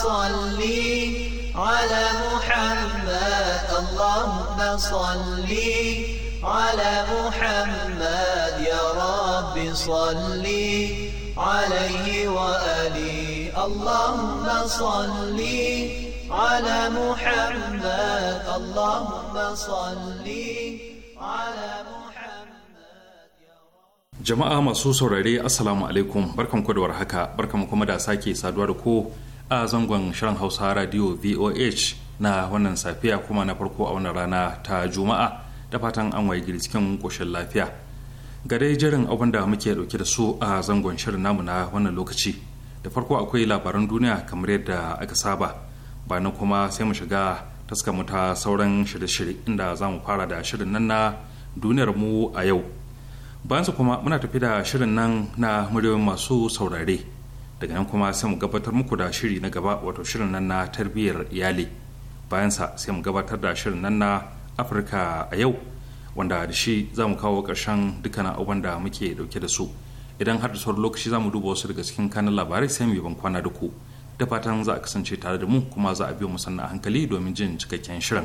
صل على محمد اللهم صل على محمد يا رب صل عليه وآله اللهم على محمد اللهم على Jama'a masu saurare Assalamu alaikum barkanku da warhaka barkanku kuma da sake saduwa da ku a zangon shirin hausa radio voh na wannan safiya kuma na farko a wannan rana ta juma'a da fatan an waye cikin koshin lafiya ga dai jirin abin da muke dauke da su a zangon shirin namu na wannan lokaci da farko akwai labaran duniya kamar yadda aka saba ba na kuma sai mu shiga taska mu ta sauran shirye-shirye inda za mu fara da shirin nan na duniyar mu a yau bayan su kuma muna tafi da shirin nan na muryoyin masu saurare daga nan kuma sai mu gabatar muku da shiri na gaba wato shirin nan na tarbiyyar iyali sa sai mu gabatar da shirin nan na afirka a yau wanda da shi za mu kawo ƙarshen dukkanin abubuwan da muke dauke da su idan har da sauran lokaci za mu duba wasu daga cikin kanin labarai sai mu yi ban kwana da ku da fatan za a kasance tare da mu kuma za a biyo mu sannan hankali domin jin cikakken shirin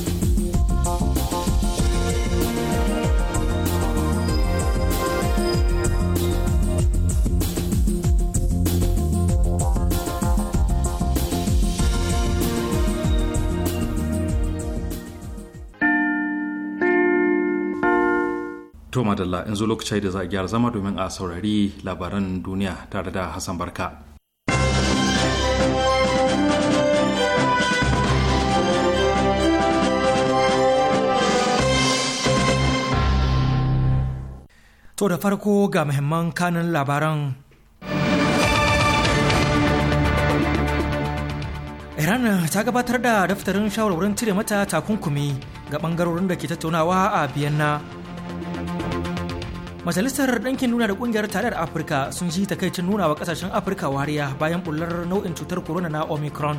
To madalla in zo lokaci da za a gyara zama domin a saurari labaran duniya tare da Hassan Barka. To da farko ga muhimman kanin labaran Iran ta gabatar da daftarin shawarwarin cire mata takunkumi ga bangarorin da ke tattaunawa a biyanna. majalisar ɗankin nuna da ƙungiyar tarayyar afirka sun ji takaicin nuna wa ƙasashen afirka wariya bayan bullar nau'in cutar corona na omicron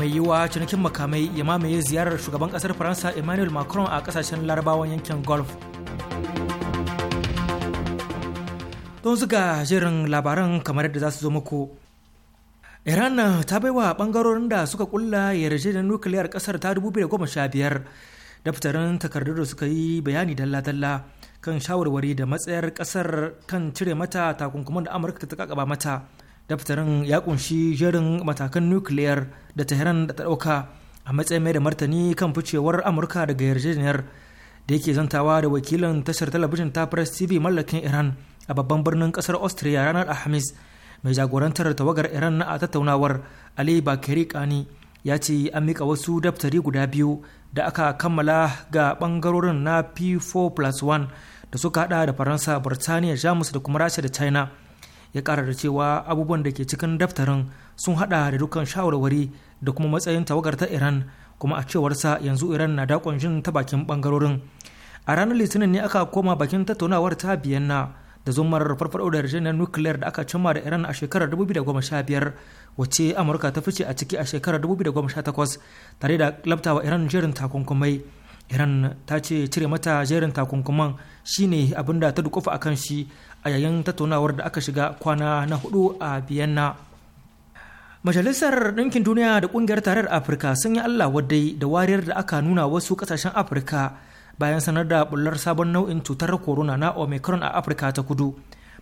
mai yiwuwa cinikin makamai ya mamaye ziyarar shugaban ƙasar faransa emmanuel macron a ƙasashen larabawan yankin golf don zuga jerin labaran kamar yadda za su zo muku iran ta baiwa ɓangarorin da suka kulla yarjejeniyar nukiliyar ƙasar ta da sha 2015 daftarin takardar da suka yi bayani dalla-dalla kan shawarwari da matsayar kasar kan cire mata takunkuman da amurka ta kakaba mata daftarin ya kunshi jerin matakan nukiliyar da tehran da ta dauka a matsayin mai da martani kan ficewar amurka daga yarjejeniyar da yake zantawa da wakilin tashar talabijin ta press tv mallakin iran a babban birnin kasar austria ranar alhamis mai jagorantar tawagar iran a tattaunawar ali bakari kani ya ce an mika wasu daftari guda biyu da aka kammala ga bangarorin na p4 plus da suka hada da faransa burtaniya jamus da kuma rasha da china ya kara da cewa abubuwan da ke cikin daftarin sun hada da dukkan shawarwari da kuma matsayin tawagar ta iran kuma a cewarsa yanzu iran na dakon jin ta bakin bangarorin a ranar litinin ne aka koma bakin tattaunawar ta na da zumar farfado da yarjejeniyar nukiliyar da aka cimma da iran a shekarar 2015 wacce amurka ta fice a ciki a shekarar 2018 tare da labtawa iran jerin takunkumai iran ta ce cire mata jerin takunkuman shine abin da ta dukufa kan shi a yayin tattaunawar da aka shiga kwana na hudu a vienna majalisar ɗinkin duniya da ƙungiyar tarayyar afirka sun yi allah wadai da wariyar da aka nuna wasu ƙasashen afirka bayan sanar da bullar sabon nau'in cutar corona na omicron a afirka ta kudu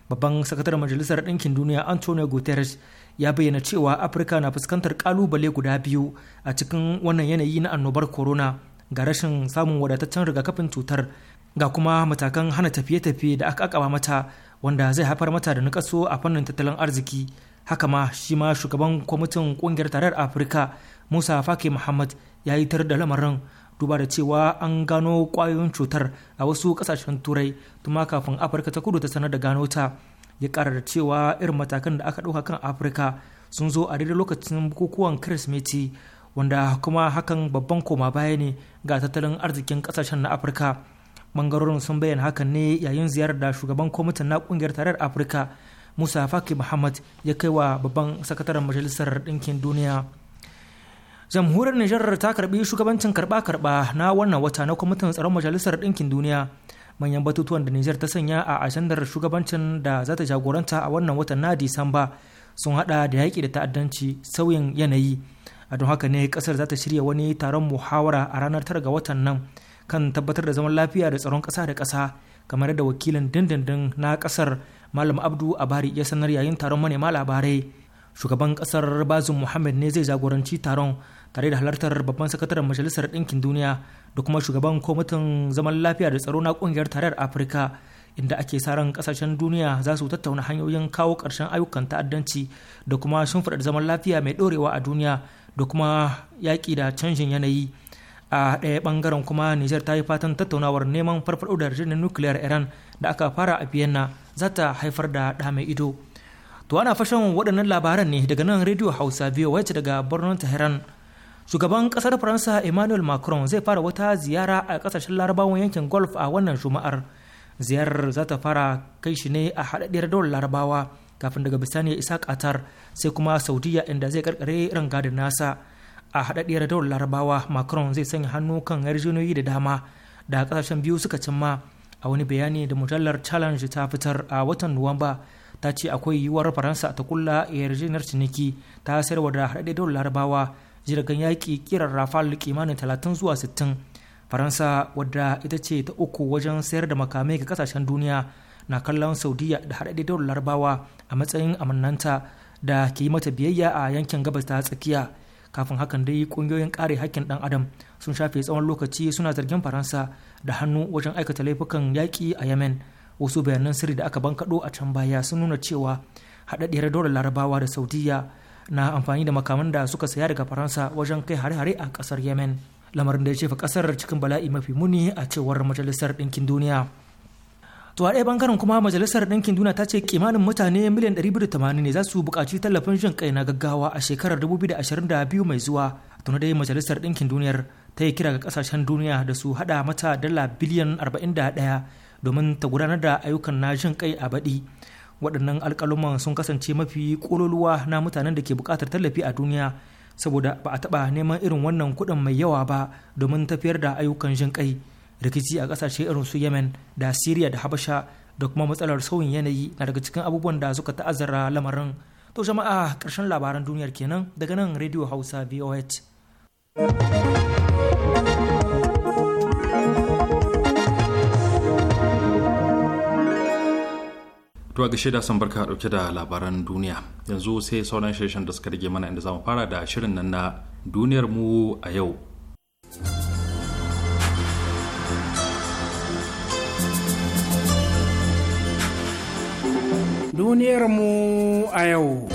babban sakataren majalisar ɗinkin duniya antonio guterres ya bayyana cewa afirka na fuskantar kalubale guda biyu a cikin wannan yanayi na annobar corona ga rashin samun wadataccen rigakafin cutar ga kuma matakan hana tafiye-tafiye da aka akaba mata wanda zai haifar mata da nakaso a fannin tattalin arziki haka ma shi ma shugaban kwamitin kungiyar tarayyar afirka musa fake muhammad ya yi tar da lamarin duba da cewa an gano kwayoyin cutar a wasu kasashen turai tuma kafin afirka ta kudu ta sanar da gano ta ya kara da cewa irin matakan da aka ɗauka kan afirka sun zo a daidai lokacin bukukuwan kirsimeti wanda kuma hakan babban koma baya ne ga tattalin arzikin kasashen na afirka bangarorin sun bayyana hakan ne yayin ziyarar da shugaban kwamitin na kungiyar tarayyar afirka musa faki muhammad ya kai wa babban sakataren majalisar ɗinkin duniya jamhuriyar nijar ta karbi shugabancin karba-karba na wannan wata na kwamitin tsaron majalisar ɗinkin duniya manyan batutuwan da nijar ta sanya a ajandar shugabancin da za ta jagoranta a wannan watan na disamba sun hada da yaƙi da ta'addanci sauyin yanayi a don haka ne kasar za ta shirya wani taron muhawara a ranar tara ga watan nan kan tabbatar da zaman lafiya da tsaron ƙasa da kasa kamar da wakilin dindindin na kasar malam abdu abari ya sanar yayin taron manema labarai shugaban ƙasar bazin muhammad ne zai jagoranci taron tare da halartar babban sakataren majalisar ɗinkin duniya da kuma shugaban kwamitin zaman lafiya da tsaro na kungiyar tarayyar afirka inda ake sa ran kasashen duniya za su tattauna hanyoyin kawo ƙarshen ayyukan ta'addanci da kuma shimfiɗar zaman lafiya mai ɗorewa a duniya da kuma yaƙi da canjin yanayi a ɗaya ɓangaren kuma nijar ta yi fatan tattaunawar neman farfaɗo da yarjejeniyar nukiliyar iran da aka fara a vienna za ta haifar da ɗa mai ido to ana fashin waɗannan labaran ne daga nan rediyo hausa biyu wacce daga birnin tehran shugaban kasar faransa emmanuel macron zai fara wata ziyara a kasashen larabawan yankin golf a wannan juma'ar ziyarar za ta fara kai shi ne a haɗaɗɗiyar daular larabawa kafin daga bisani ya isa qatar sai kuma saudiya inda zai karkare rangadin nasa a haɗaɗɗiyar daular larabawa macron zai sanya hannu kan yarjinoyi da dama da kasashen biyu suka cimma a wani bayani da mujallar challenge ta fitar a watan nuwamba ta ce akwai yiwuwar faransa ta kulla yarjejeniyar ciniki ta sayarwa da haɗaɗɗiyar daular larabawa jiragen yaƙi kiran rafal kimanin talatin zuwa sittin faransa wadda ita ce ta uku wajen sayar da makamai ga kasashen duniya na kallon saudiya da haɗaɗɗe da larabawa a matsayin amannanta da ke yi mata biyayya a yankin gabas ta tsakiya kafin hakan dai ƙungiyoyin ƙare haƙƙin ɗan adam sun shafe tsawon lokaci suna zargin faransa da hannu wajen aikata laifukan yaƙi a yemen wasu bayanan sirri da aka bankaɗo a can baya sun nuna cewa haɗaɗɗiyar daular larabawa da saudiya na amfani da makaman da suka saya daga faransa wajen kai hare-hare a kasar yemen lamarin da ya jefa kasar cikin bala'i mafi muni a cewar majalisar ɗinkin duniya to a ɗaya bangaren kuma majalisar ɗinkin duniya ta ce kimanin mutane miliyan tamanin ne za su buƙaci tallafin jin kai na gaggawa a shekarar 2022 mai zuwa tuna dai majalisar ɗinkin duniyar ta yi kira ga kasashen duniya da su haɗa mata dala biliyan 41 domin ta gudanar da ayyukan na jin kai a baɗi waɗannan alƙaluman sun kasance mafi ƙololuwa na mutanen da ke buƙatar tallafi a duniya saboda ba a taɓa neman irin wannan kuɗin mai yawa ba domin tafiyar da ayyukan jin ƙai rikici a ƙasashe irin su yemen da syria da habasha da kuma matsalar sauyin yanayi na daga cikin abubuwan da suka ta'azzara lamarin to jama'a ƙarshen labaran duniyar kenan daga nan radio hausa voh Tuwa gashe da son barka dauke da labaran duniya. Yanzu sai sauran shirin da suka rage mana inda zamu fara da shirin nan na duniyar mu a yau. Duniyar mu a yau.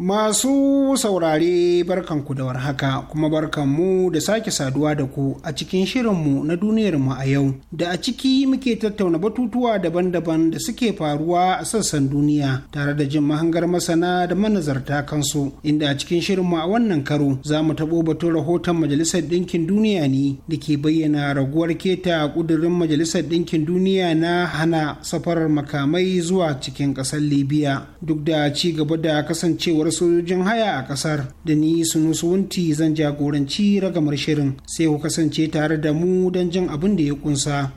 Masu saurare barkanku da warhaka kuma barkanmu da sake saduwa da ku a cikin shirinmu na duniyarmu a yau da a ciki muke tattauna batutuwa daban-daban da suke faruwa a sassan duniya tare da jin mahangar masana da manazarta kansu inda a cikin shirinmu a wannan karo za mu taɓo batun rahoton Majalisar Ɗinkin Duniya ne da ke bayyana raguwar keta ƙudurin Majalisar Ɗinkin Duniya na hana safarar makamai zuwa cikin ƙasar Libya duk da ci gaba da kasancewar rundunar sojojin haya a ƙasar da ni sunusuwunti zan jagoranci ragamar shirin sai ku kasance tare da mu don jin abin da ya kunsa.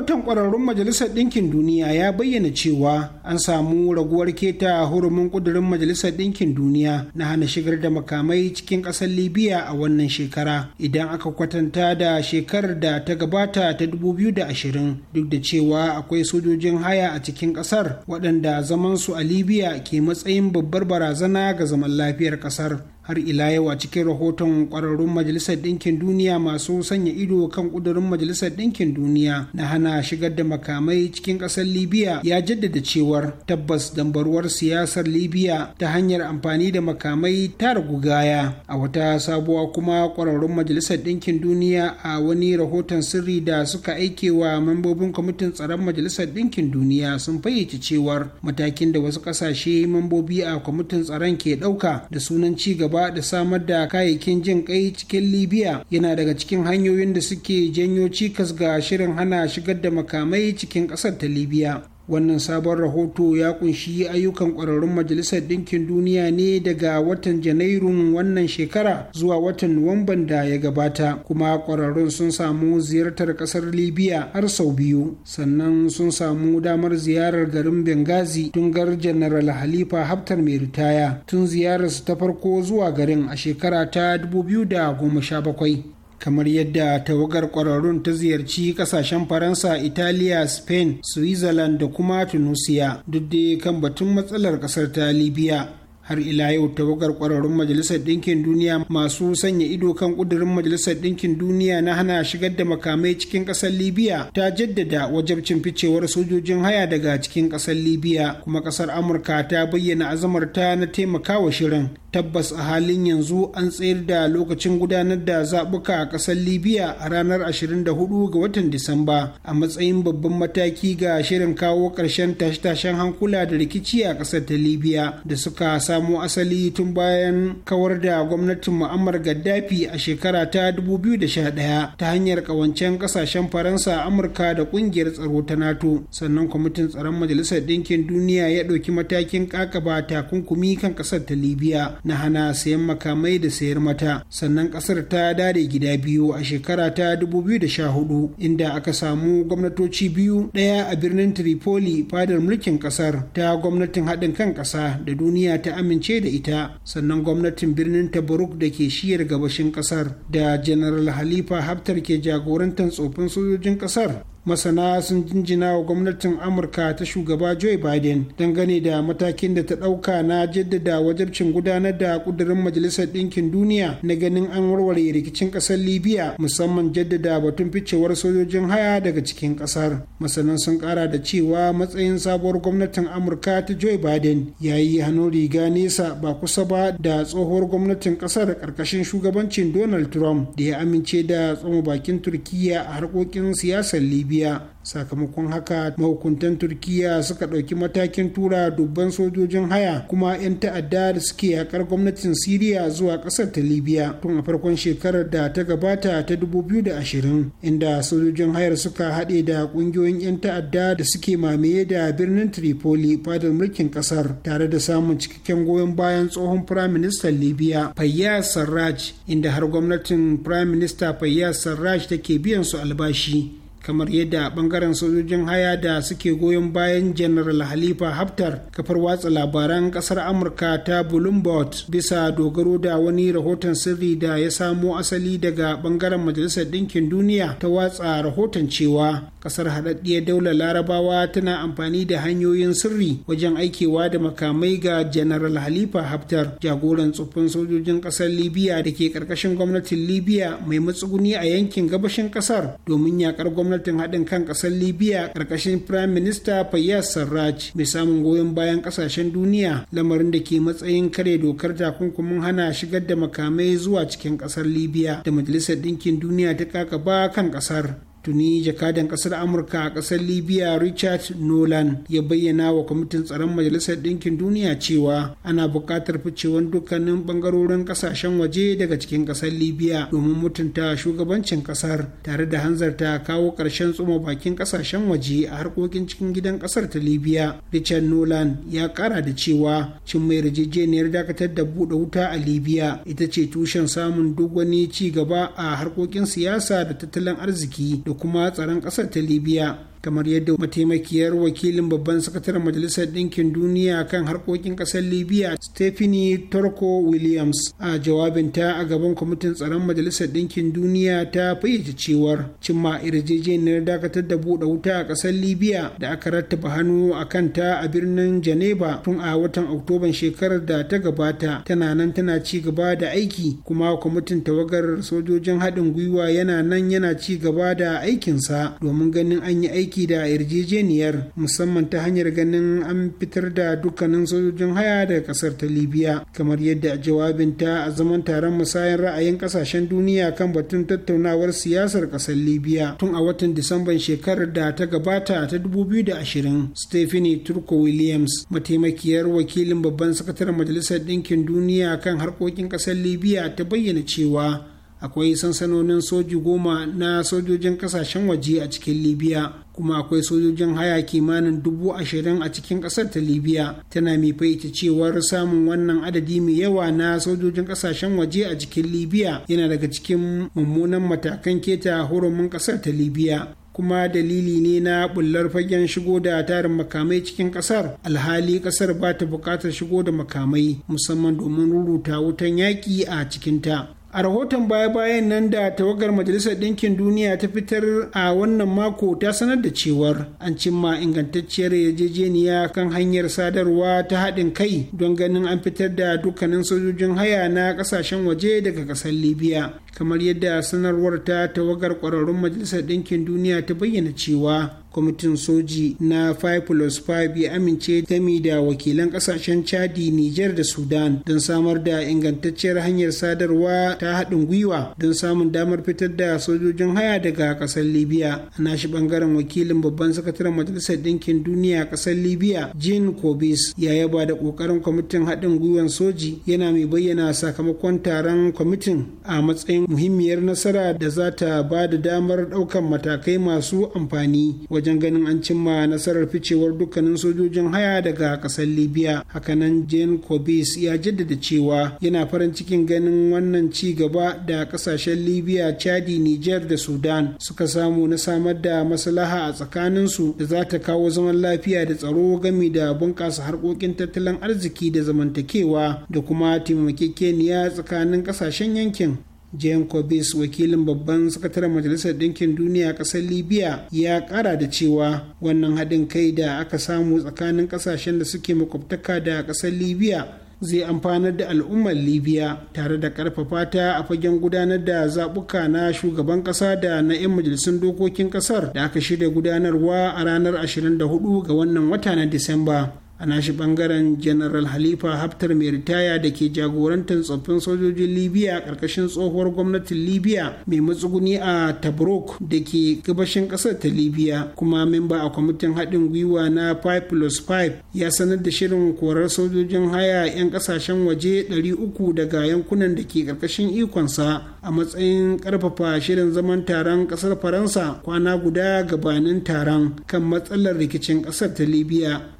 rahoton ƙwararrun majalisar ɗinkin duniya ya bayyana cewa an samu raguwar keta hurumin ƙudurin majalisar ɗinkin duniya na hana shigar da makamai cikin ƙasar libya a wannan shekara idan aka kwatanta da shekarar da ta gabata ta 2020 duk da cewa akwai sojojin haya a cikin ƙasar waɗanda zamansu a libya ke matsayin babbar barazana ga zaman lafiyar ƙasar har ila yau a cikin rahoton kwararrun majalisar ɗinkin duniya masu sanya ido kan ƙudurin majalisar ɗinkin duniya na hana shigar da makamai cikin ƙasar libya ya jaddada cewar tabbas dambaruwar siyasar libya ta hanyar amfani da makamai ta ragu gaya a wata sabuwa kuma kwararrun majalisar ɗinkin duniya a wani rahoton sirri da suka aike wa mambobin kwamitin tsaron majalisar ɗinkin duniya sun fayyace cewar matakin da wasu ƙasashe mambobi a kwamitin tsaron ke ɗauka da sunan ci gaba gaba da samar da kayayyakin jin kai cikin libya yana daga cikin hanyoyin da suke janyo cikas ga shirin hana shigar da makamai cikin ƙasar ta libya wannan sabon rahoto ya kunshi ayyukan ƙwararrun majalisar ɗinkin duniya ne daga watan janairun wannan shekara zuwa watan nuwamban da ya gabata kuma ƙwararrun sun samu ziyartar ƙasar libya har sau biyu sannan sun samu damar ziyarar garin bengazi tungar janaral halifa haftar mai ritaya tun ziyararsu ta farko zuwa garin a shekara ta 2017 kamar yadda tawagar kwararrun ta ziyarci kasashen faransa italiya spain switzerland da kuma tunisia duk da kan batun matsalar kasar ta libya har ila yau tawagar kwararrun majalisar ɗinkin duniya masu sanya ido kan ƙudurin majalisar ɗinkin duniya na hana shigar da makamai cikin ƙasar libya ta jaddada wajabcin ficewar sojojin haya daga cikin ƙasar libya kuma ƙasar amurka ta bayyana azamarta na taimakawa shirin tabbas a halin yanzu an tsayar da lokacin gudanar da zaɓuka a ƙasar libya a ranar 24 ga watan disamba a matsayin babban mataki ga shirin kawo ƙarshen tashe-tashen hankula da rikici a ƙasar ta libya da suka samu samo asali tun bayan kawar da gwamnatin mu'ammar gaddafi a shekara ta 2011 ta hanyar kawancen kasashen faransa amurka da kungiyar tsaro ta nato sannan kwamitin tsaron majalisar ɗinkin duniya ya ɗauki matakin kakaba takunkumi kan ƙasar ta libya na hana sayan makamai da sayar mata sannan ƙasar ta dare gida biyu a shekara ta 2014 inda aka samu gwamnatoci biyu ɗaya a birnin tripoli fadar mulkin ƙasar ta gwamnatin haɗin kan ƙasa da duniya ta amince amince da ita sannan gwamnatin birnin tabaruk da ke shiyar gabashin kasar da janaral halifa haftar ke jagorantar tsofin sojojin kasar masana sun jinjina wa gwamnatin amurka ta shugaba joe biden dangane da matakin da ta ɗauka na jaddada wajabcin gudanar da ƙudurin majalisar ɗinkin duniya na ganin an warware rikicin ƙasar libya musamman jaddada batun ficewar sojojin haya daga cikin ƙasar masana sun ƙara da cewa matsayin sabuwar gwamnatin amurka ta joe biden ya yi hannun riga nesa ba kusa ba da tsohuwar gwamnatin ƙasar ƙarƙashin shugabancin donald trump da ya amince da tsoma bakin turkiya a harkokin siyasar libya libya sakamakon haka mahukuntan turkiya suka ɗauki matakin tura dubban sojojin haya kuma 'yan ta'adda da suke yakar gwamnatin siriya zuwa ƙasar ta libya tun a farkon shekarar da ta gabata ta 2020 inda sojojin hayar suka haɗe da ƙungiyoyin 'yan ta'adda da suke mamaye da birnin tripoli fadar mulkin ƙasar tare da samun cikakken goyon bayan tsohon firaministan libya fayyaz sarraj inda har gwamnatin firaminista fayyaz sarraj take biyan su albashi kamar yadda bangaren sojojin haya da suke goyon bayan general halifa haftar kafar watsa labaran kasar amurka ta bloomberg bisa dogaro da wani rahoton sirri da ya samo asali daga bangaren majalisar ɗinkin duniya ta watsa rahoton cewa kasar haɗaɗɗiyar daular larabawa tana amfani da hanyoyin sirri wajen aikewa da makamai ga general halifa haftar jagoran tsoffin sojojin kasar libya da ke ƙarƙashin gwamnatin libya mai matsuguni a yankin gabashin kasar domin yakar gwamnatin haɗin kan kasar libya ƙarƙashin prime minister fayyaz sarraj mai samun goyon bayan ƙasashen duniya lamarin da ke matsayin kare dokar takunkumin hana shigar da makamai zuwa cikin kasar libya da majalisar ɗinkin duniya ta kakaba kan kasar tuni jakadan kasar amurka a kasar libya richard nolan ya bayyana wa kwamitin tsaron majalisar ɗinkin duniya cewa ana buƙatar ficewan dukkanin ɓangarorin ƙasashen waje daga cikin ƙasar libya domin mutunta shugabancin ƙasar tare da hanzarta kawo ƙarshen tsuma bakin ƙasashen waje a harkokin cikin gidan ƙasar ta libya richard nolan ya ƙara da cewa cin mai yarjejeniyar dakatar da buɗe wuta a libya ita ce tushen samun duk wani ci gaba a harkokin siyasa da tattalin arziki da kuma tsaron ƙasar ta libya kamar yadda mataimakiyar wakilin babban sakataren majalisar ɗinkin duniya kan harkokin ƙasar libya stephanie torko williams a jawabinta a gaban kwamitin tsaron majalisar ɗinkin duniya ta fayyace cewar cimma yarjejeniyar dakatar da buɗe wuta a ƙasar libya da aka rattaba hannu a kanta a birnin geneva tun a watan oktoban shekarar da ta gabata tana nan tana ci gaba da aiki kuma kwamitin tawagar sojojin haɗin gwiwa yana nan yana ci gaba da aikinsa domin ganin an yi aiki aiki da yarjejeniyar musamman ta hanyar ganin an fitar da dukkanin sojojin haya daga kasar ta libya kamar yadda jawabinta a zaman taron musayar ra'ayin kasashen duniya kan batun tattaunawar siyasar kasar libya tun a watan disamban shekarar da ta gabata ta 2020 stephanie turko williams mataimakiyar wakilin babban sakataren majalisar ɗinkin duniya kan harkokin kasar libya ta bayyana cewa akwai sansanonin soji goma na sojojin kasashen waje a cikin libya kuma akwai sojojin haya kimanin dubu ashirin a cikin kasar ta libya tana mai faita cewar samun wannan adadi mai yawa na sojojin kasashen waje a cikin libya yana daga cikin mummunan matakan keta hurumin kasar ta libya kuma dalili ne na bullar fagen shigo da tarin makamai cikin kasar alhali kasar ba ta bukatar shigo da makamai musamman domin ruruta wutan yaƙi a cikinta a rahoton baya-bayan nan da tawagar majalisar ɗinkin duniya ta fitar a wannan mako ta sanar da cewar an cimma ingantacciyar yarjejeniya kan hanyar sadarwa ta haɗin kai don ganin an fitar da dukkanin sojojin haya na ƙasashen waje daga ƙasar libya kamar yadda sanarwar ta tawagar ƙwararrun majalisar ɗinkin duniya ta bayyana cewa kwamitin soji na 5 plus 5 ya amince ta da wakilan kasashen chadi niger da sudan don samar da ingantacciyar hanyar sadarwa ta haɗin gwiwa don samun damar fitar da sojojin haya daga ƙasar libya a nashi bangaren wakilin babban sakataren majalisar ɗinkin duniya ƙasar libya jean kobis ya yaba da ƙoƙarin kwamitin haɗin gwiwan soji yana mai bayyana sakamakon taron kwamitin a matsayin muhimmiyar nasara da za ta ba da damar ɗaukan matakai masu amfani wajen ganin an cimma nasarar ficewar dukkanin sojojin haya daga kasar libya hakanan jane kobis ya jaddada cewa yana farin cikin ganin wannan ci gaba da kasashen libya chadi niger da sudan suka samu na samar da maslaha a tsakaninsu da za ta kawo zaman lafiya da tsaro gami da bunƙasa harkokin tattalin arziki da zamantakewa da kuma taimakekeniya tsakanin kasashen yankin jane corbis wakilin babban sakataren majalisar ɗinkin duniya a ƙasar libya ya ƙara da cewa wannan haɗin kai da aka samu tsakanin ƙasashen da suke makwabtaka da ƙasar libya zai amfanar da al'ummar libya tare da karfafa ta a fagen gudanar da zaɓuka na shugaban ƙasa da na 'yan majalisun dokokin ƙasar da aka shirya gudanarwa a ranar 24 ga wannan wata na disamba a nashi bangaren general halifa haftar mai ritaya da ke jagorantar tsoffin sojojin libya karkashin tsohuwar gwamnatin libya mai matsuguni a tabrok da ke gabashin kasar ta libya kuma memba a kwamitin haɗin gwiwa na 5 plus 5 ya sanar da shirin korar sojojin haya 'yan kasashen waje 300 daga yankunan da ke karkashin ikonsa a matsayin karfafa shirin zaman taron kasar faransa kwana guda gabanin taron kan matsalar rikicin kasar ta libya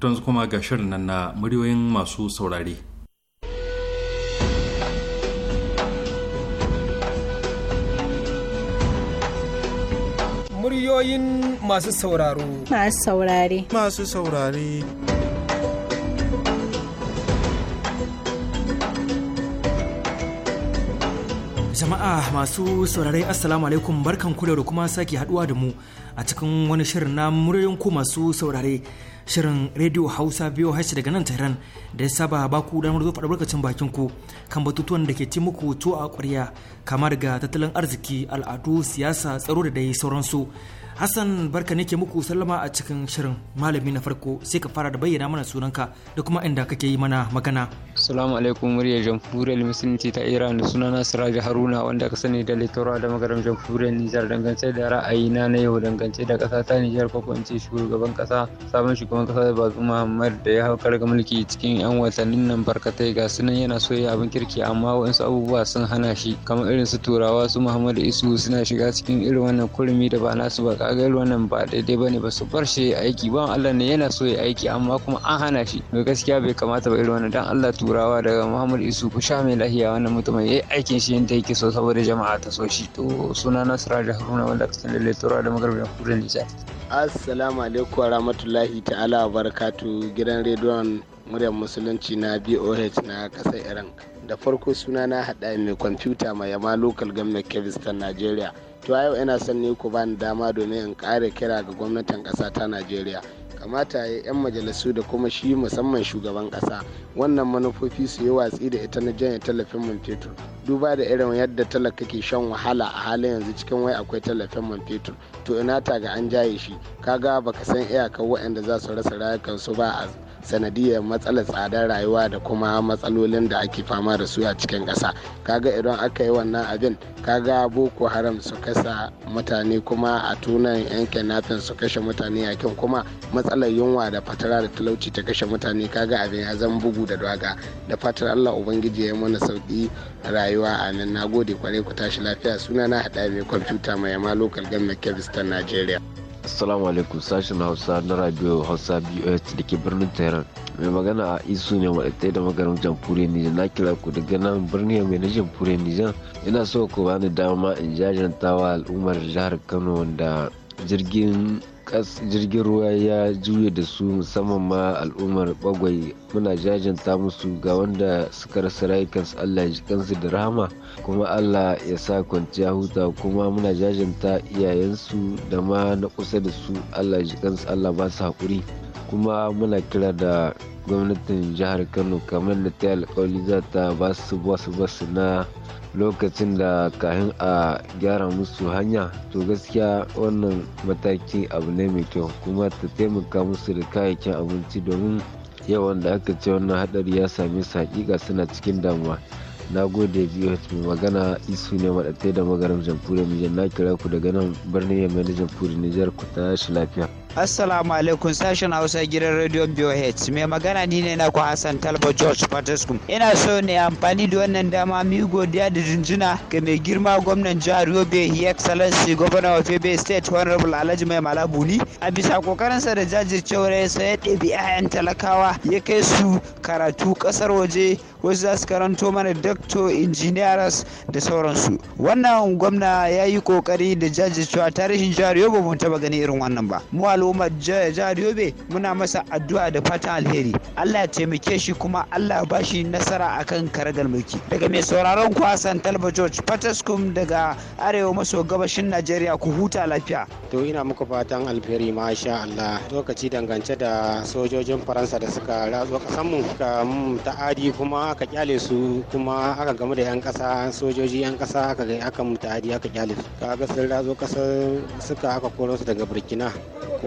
don kuma ga shirin nan na muryoyin masu saurare. Muryoyin masu sauraro. Masu saurare. Masu saurare. jama'a masu saurare assalamu alaikum barkan kure da kuma sake haduwa da mu a cikin wani shirin na muryoyin ku masu saurare shirin Radio Hausa biyu daga nan Tehran da ya saba ba ku damar zo faɗa bakin ku kan batutuwan da ke ci muku tuwo a ƙwarya kamar ga tattalin arziki, al'adu, siyasa, tsaro da dai sauransu. Hassan barka nake muku sallama a cikin shirin malami na farko sai ka fara da bayyana mana sunanka da kuma inda kake yi mana magana. Assalamu alaikum muryar jamhuriyar musulunci ta Iran da na Siraji Haruna wanda ka sani da Littora da magaram jamhuriyar Nijar dangance da ra'ayina na na yau dangance da ƙasa ta Nijar ko in ce shugaban ƙasa sabon shugaban ƙasa Bazu Muhammad da ya haukar ga mulki cikin 'yan watannin nan barkatai ga sunan yana so ya abin kirki amma waɗansu abubuwa sun hana shi kamar irin su turawa su Muhammad Isu suna shiga cikin irin wannan kurmi da ba nasu ba a wannan ba daidai ba ne ba su bar shi aiki ba Allah ne yana so ya aiki amma kuma an hana shi to gaskiya bai kamata ba irin wannan dan Allah turawa daga Muhammad Isu ku sha mai lahiya wannan mutumin yayi aikin shi yanda yake so saboda jama'a ta so shi to suna Nasra da Haruna wanda kasan lalle turawa da da Kudin Nijar Assalamu alaikum wa rahmatullahi ta'ala wa barakatuh gidan rediyon muryar musulunci na boh na kasar iran da farko suna na hada mai kwamfuta mai yama local government kebis nigeria to yau ina son ne ku bani dama domin in kare kira ga gwamnatin ƙasa ta najeriya kamata ya 'yan majalisu da kuma shi musamman shugaban kasa wannan manufofi su yi watsi da ita na janye tallafin man fetur duba da irin yadda talaka ke shan wahala a halin yanzu cikin wai akwai tallafin man fetur to ina ta ga an jaye shi kaga baka san iyakar waɗanda za su rasa rayukansu ba a sanadiyar matsalar tsadar rayuwa da kuma matsalolin da ake fama da su a cikin kasa kaga idan aka yi wannan abin kaga boko haram su kasa mutane kuma a tunan yan kidnapping su kashe mutane a kyan kuma matsalar yunwa da fatara da talauci ta kashe mutane kaga abin ya zan bugu da daga da fatar allah ubangiji ya mana sauki rayuwa a nan na gode kwarai ku tashi lafiya suna na haɗa mai kwamfuta mai yama lokal gan kebistan najeriya Assalamu alaikum sashen Hausa na radio Hausa BOS da ke birnin Tehran. Mai magana a isu ne maɗaɗai da magarin jamhuriyar Nijan na kira ku daga nan birnin mai na jamhuriyar Nijar. Ina so ku bani dama in jajanta wa al'ummar jihar Kano wanda jirgin kas jirgin ruwa ya juya da su musamman ma al'ummar bagwai muna jajanta musu ga wanda suka rasa rayukansu allah ya ji kansu da rahama kuma allah ya sa kwanciya huta kuma muna jajanta iyayensu da ma na kusa da su allah ya ji kansu allah ba su haƙuri kuma muna kira da gwamnatin jihar kano kamar da ta alkawari za ta ba su wasu basu na lokacin da kahin a gyara musu hanya to gaskiya wannan mataki abu ne mai kyau kuma ta taimaka musu da kayayyakin abinci domin yawan da aka ce wannan hadari ya sami su hakika suna cikin damuwa na gode biyu mai magana isu ne maɗatai da magaram jamfuri mijan na kira ku daga nan birnin yamma na jamfuri nijar ku ta shi lafiya Assalamu alaikum sashen Hausa gidan Radio BOH. Mai magana ni ne na naku Hassan Talba George Fataskum. Ina so ne amfani da wannan dama mu godiya da jinjina ga mai girma gwamnan jihar Yobe His Excellency Governor of Yobe State Honorable Alhaji Mai malabuli a bisa kokarin sa da jajircewar ya saya ɗebi 'ya'yan talakawa ya kai su karatu kasar waje wasu za su karanto mana doctor engineers da sauransu. Wannan gwamna ya yi kokari da jajircewa tarihin jihar Yobe mun taɓa gani irin wannan ba. Mu al'ummar jihar yobe muna masa addu'a da fatan alheri allah ya taimake shi kuma allah ya bashi nasara akan karagar mulki daga mai sauraron ku hassan talba george fataskum daga arewa maso gabashin najeriya ku huta lafiya to ina muku fatan alheri masha allah lokaci dangance da sojojin faransa da suka ratso kasanmu ka ta'adi kuma aka kyale su kuma aka gamu da yan kasa sojoji yan kasa aka aka mu aka kyale su kaga sun ratso kasar suka aka koro su daga burkina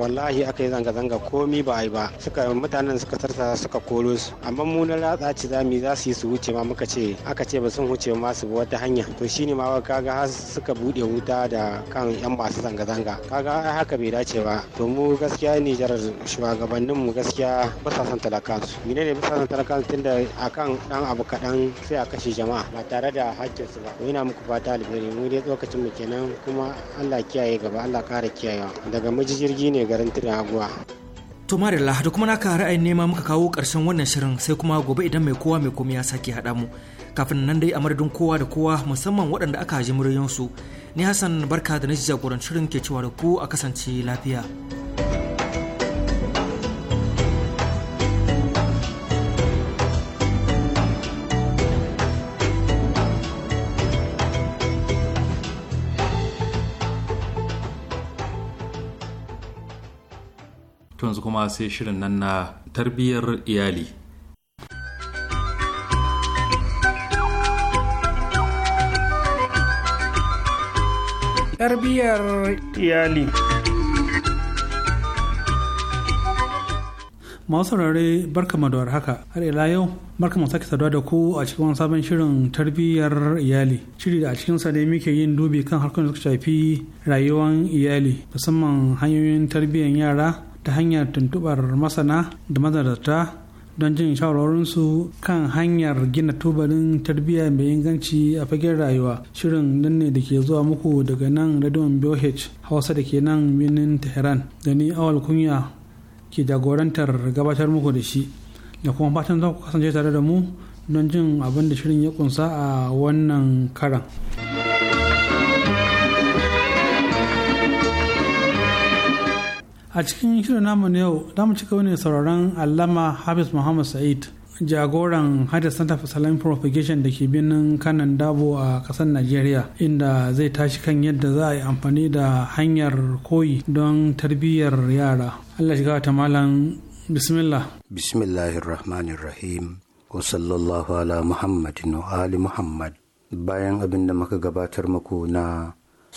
wallahi aka yi zanga-zanga komi ba a yi ba suka mutanen suka tarsa suka koro su amma mu na ratsa ci za za su yi su wuce ma muka ce aka ce ba sun wuce ma su wata hanya to shine ma kaga har suka bude wuta da kan yan masu zanga-zanga kaga haka bai dace ba to mu gaskiya Nijar shugabannin mu gaskiya ba sa son talakansu ne ba sa son talakansu tunda akan dan abu kaɗan sai a kashe jama'a ba tare da hakkinsu ba to ina muku fata alheri mu dai lokacin mu kenan kuma Allah kiyaye gaba Allah kara kiyayewa daga majijirgi ne garin Tiraguwa. To Marilla, da kuma naka ra'ayin nema muka kawo ƙarshen wannan shirin sai kuma gobe idan mai kowa mai komai ya sake haɗa mu. Kafin nan dai a madadin kowa da kowa musamman waɗanda aka haji muryansu. Ni Hassan barka da na jagoran shirin ke cewa da ku a kasance lafiya. kuma sai shirin nan na tarbiyyar iyali tarbiyyar iyali masu saurare barka da haka har ila yau barka mu sake saduwa da ku a cikin wani sabon shirin tarbiyyar iyali shiri da a cikin sa ne muke yin dubi kan harkokin da suka shafi rayuwar iyali musamman hanyoyin tarbiyyar yara ta hanyar tuntubar masana da mazarta don jin shawarorinsu kan hanyar gina tubalin tarbiyya mai inganci a fagen rayuwa shirin nan ne da ke zuwa muku daga nan radion BOH hausa da ke nan birnin tehran da ni awal kunya ke jagorantar gabatar muku da shi da kuma fatan za ku kasance tare da mu don jin abin da shirin ya kunsa a wannan karan. a cikin shirin namu na yau za mu cika wani sauraron allama hafiz muhammad sa'id jagoran hadis center for salam propagation da ke birnin kanan dabo a kasar nigeria inda zai tashi kan yadda za a yi amfani da hanyar koyi don tarbiyyar yara allah shiga ta malam bismillah bismillahirrahmanirrahim wa sallallahu ala muhammadin wa ali muhammad bayan abinda da muka gabatar muku na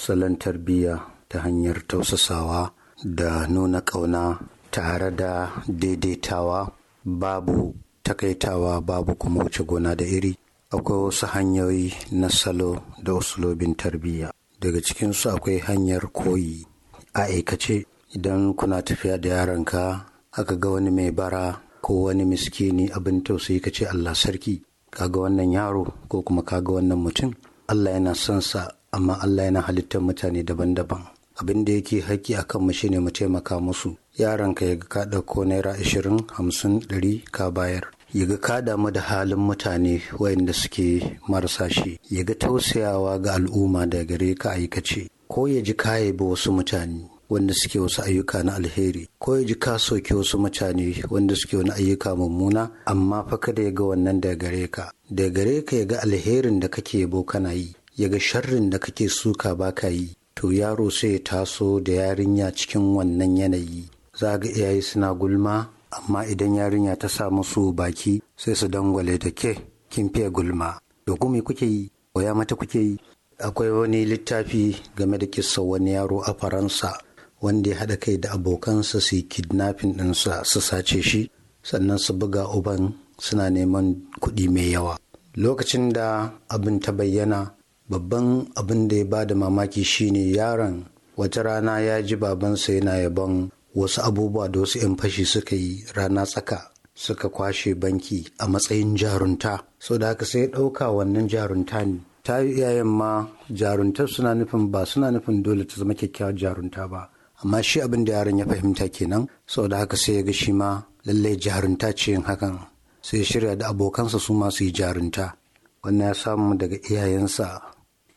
salon tarbiyya ta hanyar tausasawa da nuna ƙauna tare da daidaitawa babu takaitawa babu kuma wuce gona da iri akwai wasu hanyoyi na salo da usulobin tarbiyya daga cikinsu akwai hanyar koyi a aikace idan kuna tafiya da yaranka aka ga wani mai bara ko wani miskini abin tausayi ka ce allah sarki kaga wannan yaro ko kuma kaga wannan mutum allah yana son sa amma allah yana halittar mutane daban-daban abin da yake haƙƙi a kanmu shine mu taimaka musu yaran ka yaga ka ɗauko naira ashirin hamsin ɗari ka bayar yaga ka damu da halin mutane wayanda suke marasa shi yaga tausayawa ga al'umma da gare ka aikace ko ya ji ka yabi wasu mutane wanda suke wasu ayyuka na alheri ko ya ji ka soke wasu mutane wanda suke wani ayyuka mummuna amma fa kada ya ga wannan da gare ka da gare ka ya ga alherin da kake yabo kana yi Yaga sharrin da kake suka baka yi to yaro sai ya taso da yarinya cikin wannan yanayi za ga iyaye suna gulma amma idan yarinya ta sa musu baki sai su dangwale da ke kin fiye gulma da gumi kuke yi waya mata kuke yi akwai wani littafi game da kisa wani yaro a faransa wanda ya haɗa kai da abokansa su kidnafin ɗinsa su sace shi sannan su buga uban suna neman kuɗi mai yawa lokacin da abin ta bayyana babban abin da ya bada mamaki shine yaron wata rana ya ji babansa yana yabon wasu abubuwa da wasu 'yan fashi suka yi rana tsaka suka kwashe banki a matsayin jarunta so da haka sai ya ɗauka wannan jarunta ne ta iyayen ma jaruntar suna nufin ba suna nufin dole ta zama kyakkyawar jarunta ba amma shi abin da yaron ya fahimta kenan so da haka sai ya ga shi ma lallai jarunta ce yin hakan sai ya shirya da abokansa su masu yi jarunta wannan ya samu daga iyayensa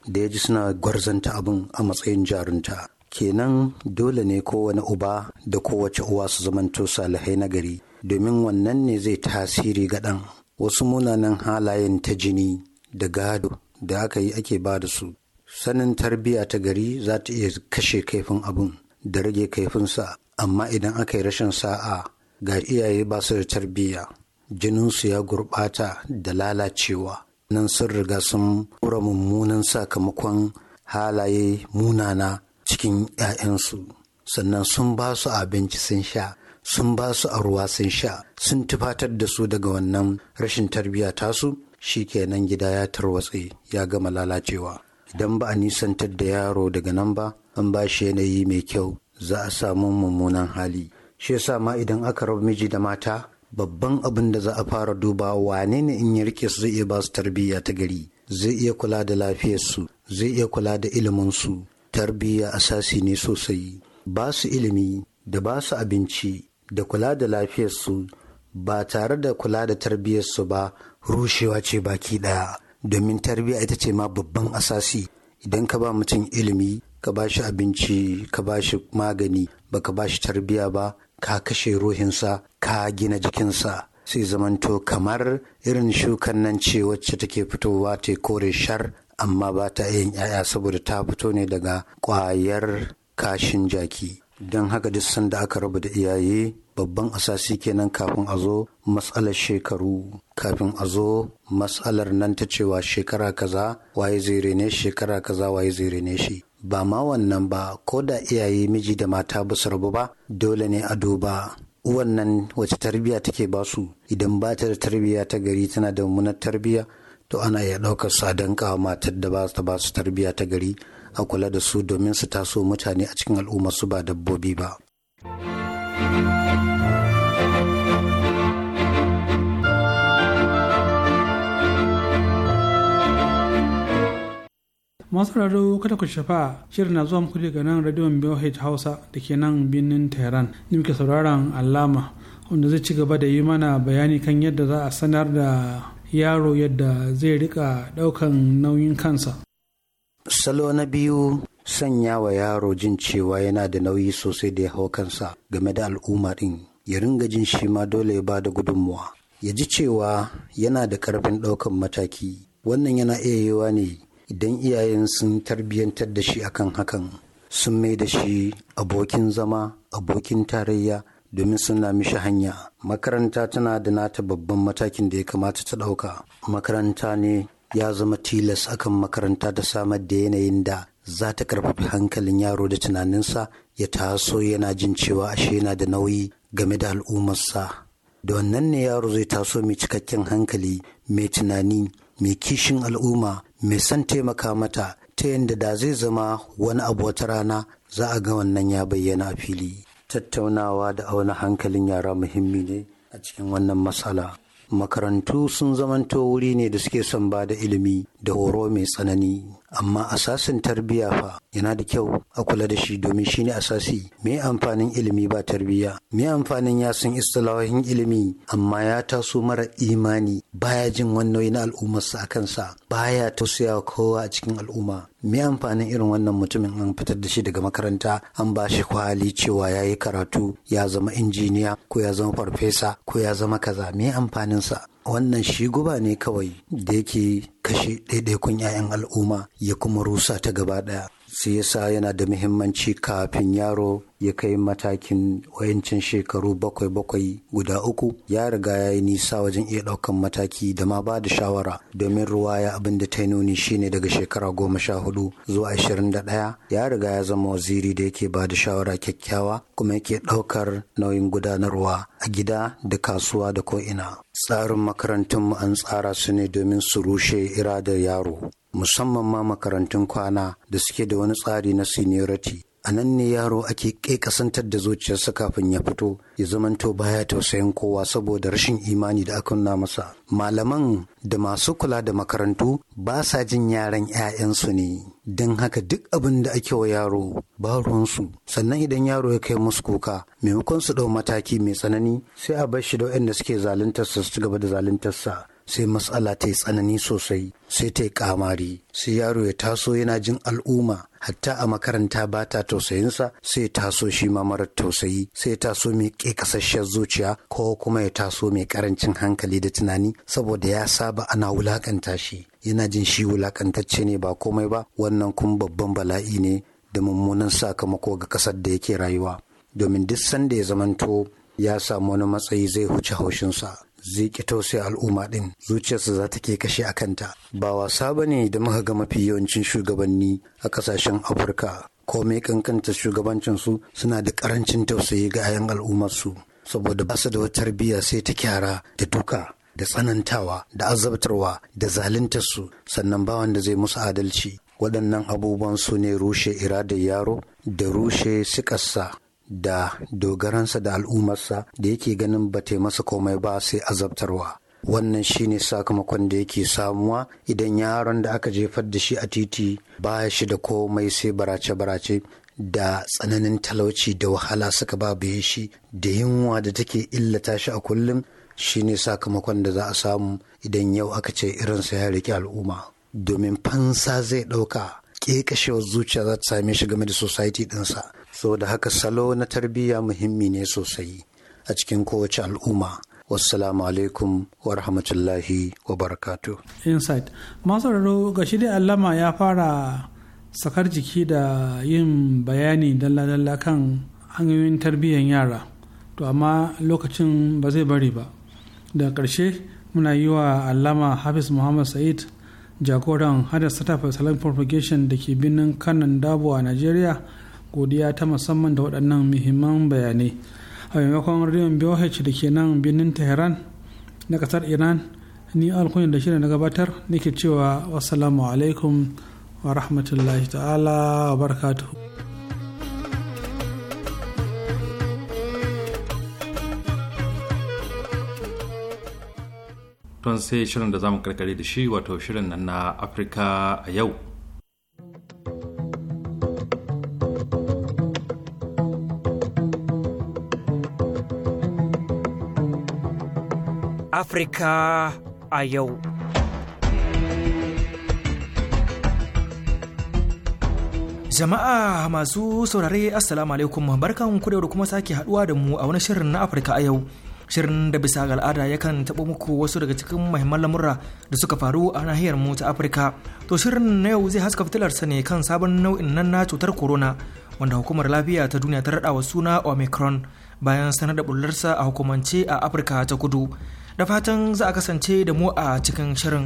da ya ji suna gwarzanta abin a matsayin jarunta kenan dole ne kowane uba da kowace uwa su zamanto salihai na gari domin wannan ne zai tasiri ga ɗan wasu munanan halayen ta jini da gado da aka yi ake ba da su sanin tarbiyya ta gari za ta iya kashe kaifin abin da rage kaifinsa amma idan aka yi rashin sa'a ga iyaye ba su da tarbiyya jininsu ya gurɓata da lalacewa nan sun riga sun ƙura mummunan sakamakon halaye munana cikin 'ya'yansu sannan sun ba su abinci sun sha sun ba su a ruwa sun sha sun tufatar da su daga wannan rashin tarbiyya tasu shi kenan gida ya tarwatse ya gama lalacewa idan ba a nisantar da yaro daga nan ba an ba shi yanayi mai kyau za a samu mummunan hali shi yasa ma idan aka rabu miji da mata babban abin da za a fara duba wane ne in ya rike su zai iya ba su tarbiyya ta gari zai iya kula da lafiyarsu zai iya kula da iliminsu tarbiyya asasi ne sosai ba su ilimi da ba su abinci da kula da lafiyarsu ba tare da kula da tarbiyyarsu ba rushewa ce baki ɗaya domin tarbiyya ita ce ma babban asasi idan ka ba mutum ilimi ka ba shi abinci ka ba shi magani ba ka ba shi tarbiyya ba ka kashe ruhinsa ka gina jikinsa sai zamanto kamar irin shukan nan ce wacce take fitowa ta kore shar amma ba ta yin 'ya'ya saboda ta fito ne daga kwayar kashin jaki don haka duk sanda aka raba da iyaye babban asasi kenan kafin a zo matsalar shekaru kafin a zo matsalar nan ta cewa shekara kaza waye zai rene shekara kaza waye zai rene shi ba ma wannan ba ko da iyaye miji da mata ba su rabu ba dole ne a duba wannan wace tarbiyya take ba su idan ba ta da tarbiyya ta gari tana da mummunar tarbiyya to ana iya ɗaukar su a danka matar da ba ta ba su tarbiyya ta gari a kula da su domin su taso mutane a cikin al'umma su ba dabbobi ba. masu raro kada ku shafa shirin na zuwa muku daga nan radiyon BOH Hausa da ke nan birnin Tehran da muke sauraron alama wanda zai ci gaba da yi mana bayani kan yadda za a sanar da yaro yadda zai rika daukan nauyin kansa. Salo na biyu sanya wa yaro jin cewa yana da nauyi sosai da ya hau kansa game da al'umma din ya ringa jin shi ma dole ya ba gudunmuwa ya ji cewa yana da karfin ɗaukan mataki wannan yana iya yiwa ne idan iyayen sun tarbiyyantar da shi akan hakan sun mai da shi abokin zama abokin tarayya domin suna mishi hanya makaranta tana da nata babban matakin da ya kamata ta ɗauka makaranta ne ya zama tilas akan makaranta ta samar da yanayin da za ta karfafi hankalin yaro da tunaninsa ya taso yana jin cewa ashe yana da nauyi game da al'ummarsa da wannan ne yaro zai taso mai cikakken hankali mai tunani mai kishin al'umma mai son taimaka mata ta yadda da zai zama wani abu wata rana za a ga wannan ya bayyana a fili tattaunawa da auna hankalin yara muhimmi ne a cikin wannan matsala makarantu sun zamanto wuri ne da suke son ba da ilimi da horo mai tsanani amma asasin tarbiyya fa yana da kyau a kula da shi domin shi shine asasi me amfanin ilimi ba tarbiyya me amfanin ya san istilahohin ilimi amma ya taso mara imani baya jin wannan na sa a kansa baya tausaya kowa a cikin al'umma me amfanin irin wannan mutumin an fitar da shi daga makaranta an ba shi kwali cewa ya yi karatu ya zama injiniya ko ya zama farfesa ko ya zama kaza me sa wannan shi guba ne kawai da yake kashe ɗaiɗaikun 'ya'yan al'umma ya kuma rusa ta gaba ɗaya sai yasa yana da muhimmanci kafin yaro ya kai matakin wayancin shekaru bakwai bakwai guda uku ya riga ya yi nisa wajen iya ɗaukan mataki da ma ba da shawara domin ruwaya abin da ta nuni shine daga shekara goma sha hudu zuwa ashirin da ɗaya ya riga ya zama waziri da yake ba da shawara kyakkyawa kuma yake ɗaukar nauyin gudanarwa a gida da kasuwa da ko'ina tsarin makarantunmu an tsara su ne domin su rushe iradar yaro musamman ma makarantun kwana da suke da wani tsari na seniority a nan ne yaro ake ƙeƙasantar da zuciyarsa kafin ya fito ya zamanto baya tausayin kowa saboda rashin imani da aka nuna masa malaman da masu kula da makarantu ba sa jin yaran 'ya'yansu ne don haka duk abin da ake wa yaro ba ruwansu sannan idan yaro ya kai musu kuka maimakon su ɗau mataki mai tsanani sai a bar shi da waɗanda suke zaluntarsa su gaba da zaluntarsa sai matsala ta yi tsanani sosai sai ta yi kamari sai yaro ya taso yana jin al'umma hatta a makaranta ba ta tausayinsa sai ya taso shi ma mara tausayi sai ya taso mai kasasshiyar zuciya ko kuma ya taso mai karancin hankali da tunani saboda ya saba ana wulakanta shi yana jin shi wulakantacce ne ba komai ba wannan kun babban bala'i ne da mummunan sakamako ga ƙasar da yake rayuwa domin duk sanda ya zamanto ya samu wani matsayi zai huce haushinsa zai ki al'umma ɗin, zuciyarsa za ta ke kashe a kanta ba wasa ba ne da muka ga mafi yawancin shugabanni a ƙasashen afirka komai kankanta shugabancinsu suna da ƙarancin tausayi ga 'yan al'ummarsu saboda ba su da wata tarbiyya sai ta kyara da duka da tsanantawa da azabtarwa da zaluntarsu sannan ba wanda zai musu adalci waɗannan abubuwan su ne rushe iradar yaro da rushe sikarsa da dogaransa da al'ummarsa da yake ganin ba masa komai ba sai azabtarwa wannan shi ne sakamakon da yake samuwa idan yaron da aka jefar da shi a titi ba shi da komai sai barace-barace da tsananin talauci da wahala suka ba bai shi da yunwa da take illata shi a kullum shi ne sakamakon da za a samu idan yau aka ce irinsa ya riƙe al'umma domin fansa zai ɗauka ƙeƙashewar zuciya za ta same shi game da society ɗinsa so da haka salo na tarbiyya muhimmi ne sosai a cikin kowace al'umma wassalamu alaikum wa rahmatullahi wa barakatu insight raro ga shirya allama ya fara sakar jiki da yin bayani dalla-dalla kan hanyoyin tarbiyyar yara to amma lokacin ba zai bari ba da ƙarshe muna yi wa allama hafiz muhammad sa'id jagoran hada sata for propagation da ke birnin kanan dabo a nigeria godiya ta musamman da waɗannan muhimman bayanai a maimakon rediyon boh da ke nan birnin tehran na ƙasar iran ni alkunyar da shirin na gabatar nake cewa wasalamu alaikum wa rahmatullahi ta'ala wa barakatuhu tun sai shirin da zamu karkare da shi wato shirin na afirka a yau Afirka a yau. Jama'a masu saurare Assalamu alaikum barkan ku da kuma sake haduwa da mu a wani shirin na Afirka a yau. Shirin da bisa ga al'ada yakan taɓa muku wasu daga cikin mahimman lamura da suka faru a nahiyar mu ta Afirka. To shirin na yau zai haska fitilarsa ne kan sabon nau'in nan na cutar corona wanda hukumar lafiya ta duniya ta raɗa wa suna Omicron bayan sanar da bullarsa a hukumance a Afirka ta kudu. da fatan za a kasance da mu a cikin shirin.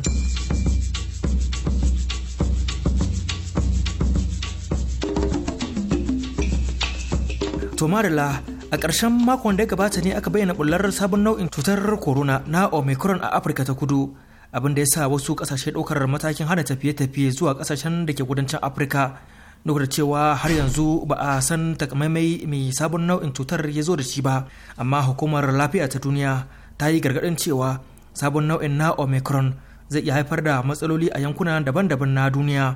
Tomarila a ƙarshen makon da ya gabata ne aka bayyana bullar sabon nau'in cutar corona na omicron a Afirka ta kudu abin da ya sa wasu ƙasashe ɗaukar matakin hana tafiye-tafiye zuwa ƙasashen da ke kudancin Afirka duk da cewa har yanzu ba a san takamaimai mai sabon nau'in cutar ya zo da shi ba amma hukumar lafiya ta duniya ta yi gargaɗin cewa sabon nau'in na omicron zai iya haifar da matsaloli a yankuna daban-daban na duniya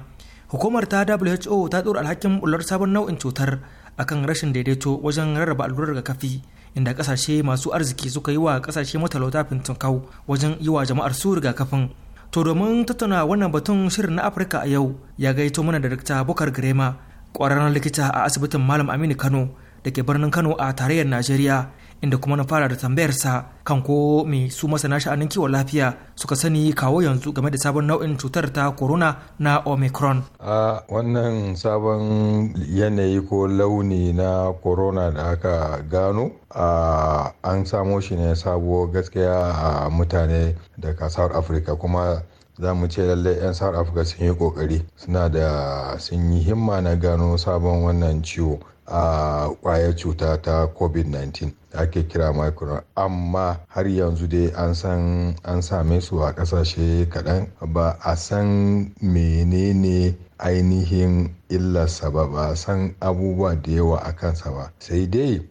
hukumar ta who ta tsoro alhakin bular sabon nau'in cutar akan rashin daidaito wajen rarraba allurar kafi inda kasashe masu arziki suka yi wa kasashe matalauta fintinkau wajen yi wa jama'ar su rigakafin to domin tattauna wannan batun shirin na afirka a yau ya gaito mana da rikta bukar girema ƙwararren likita a asibitin malam aminu kano da ke birnin kano a tarayyar najeriya inda kuma na fara da tambayarsa kan ko mai su masana sha'anin kiwon lafiya suka sani kawo yanzu game da sabon nau'in cutar ta corona na omicron. a wannan sabon yanayi ko launi na corona da aka gano a an samo shi ne sabuwar gaskiya a mutane da kasar afirka kuma za mu ce lallai 'yan south africa sun yi kokari suna da sun yi himma na gano sabon wannan ciwo a kwayar cuta ta covid-19 da ake kira micron amma har yanzu dai an san an same su a kasashe kaɗan ba a san menene ainihin illarsa ba ba san abubuwa da yawa a kansa ba sai dai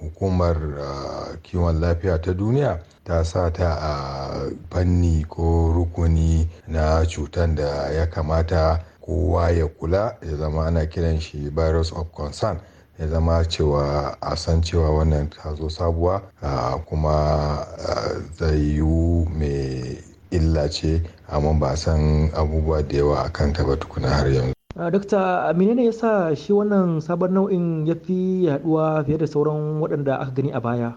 hukumar kiwon lafiya ta duniya ta sa ta a fanni ko rukuni na cutan da ya kamata kowa ya kula ya zama ana kiran shi virus of concern ya zama cewa a san cewa wannan ta zo sabuwa kuma zai yiwu mai illa ce amma ba san abubuwa da yawa a kanta ba tukuna har yanzu. Dokta menene ya sa shi wannan sabon nau'in ya fi yaduwa fiye da sauran waɗanda aka gani a baya?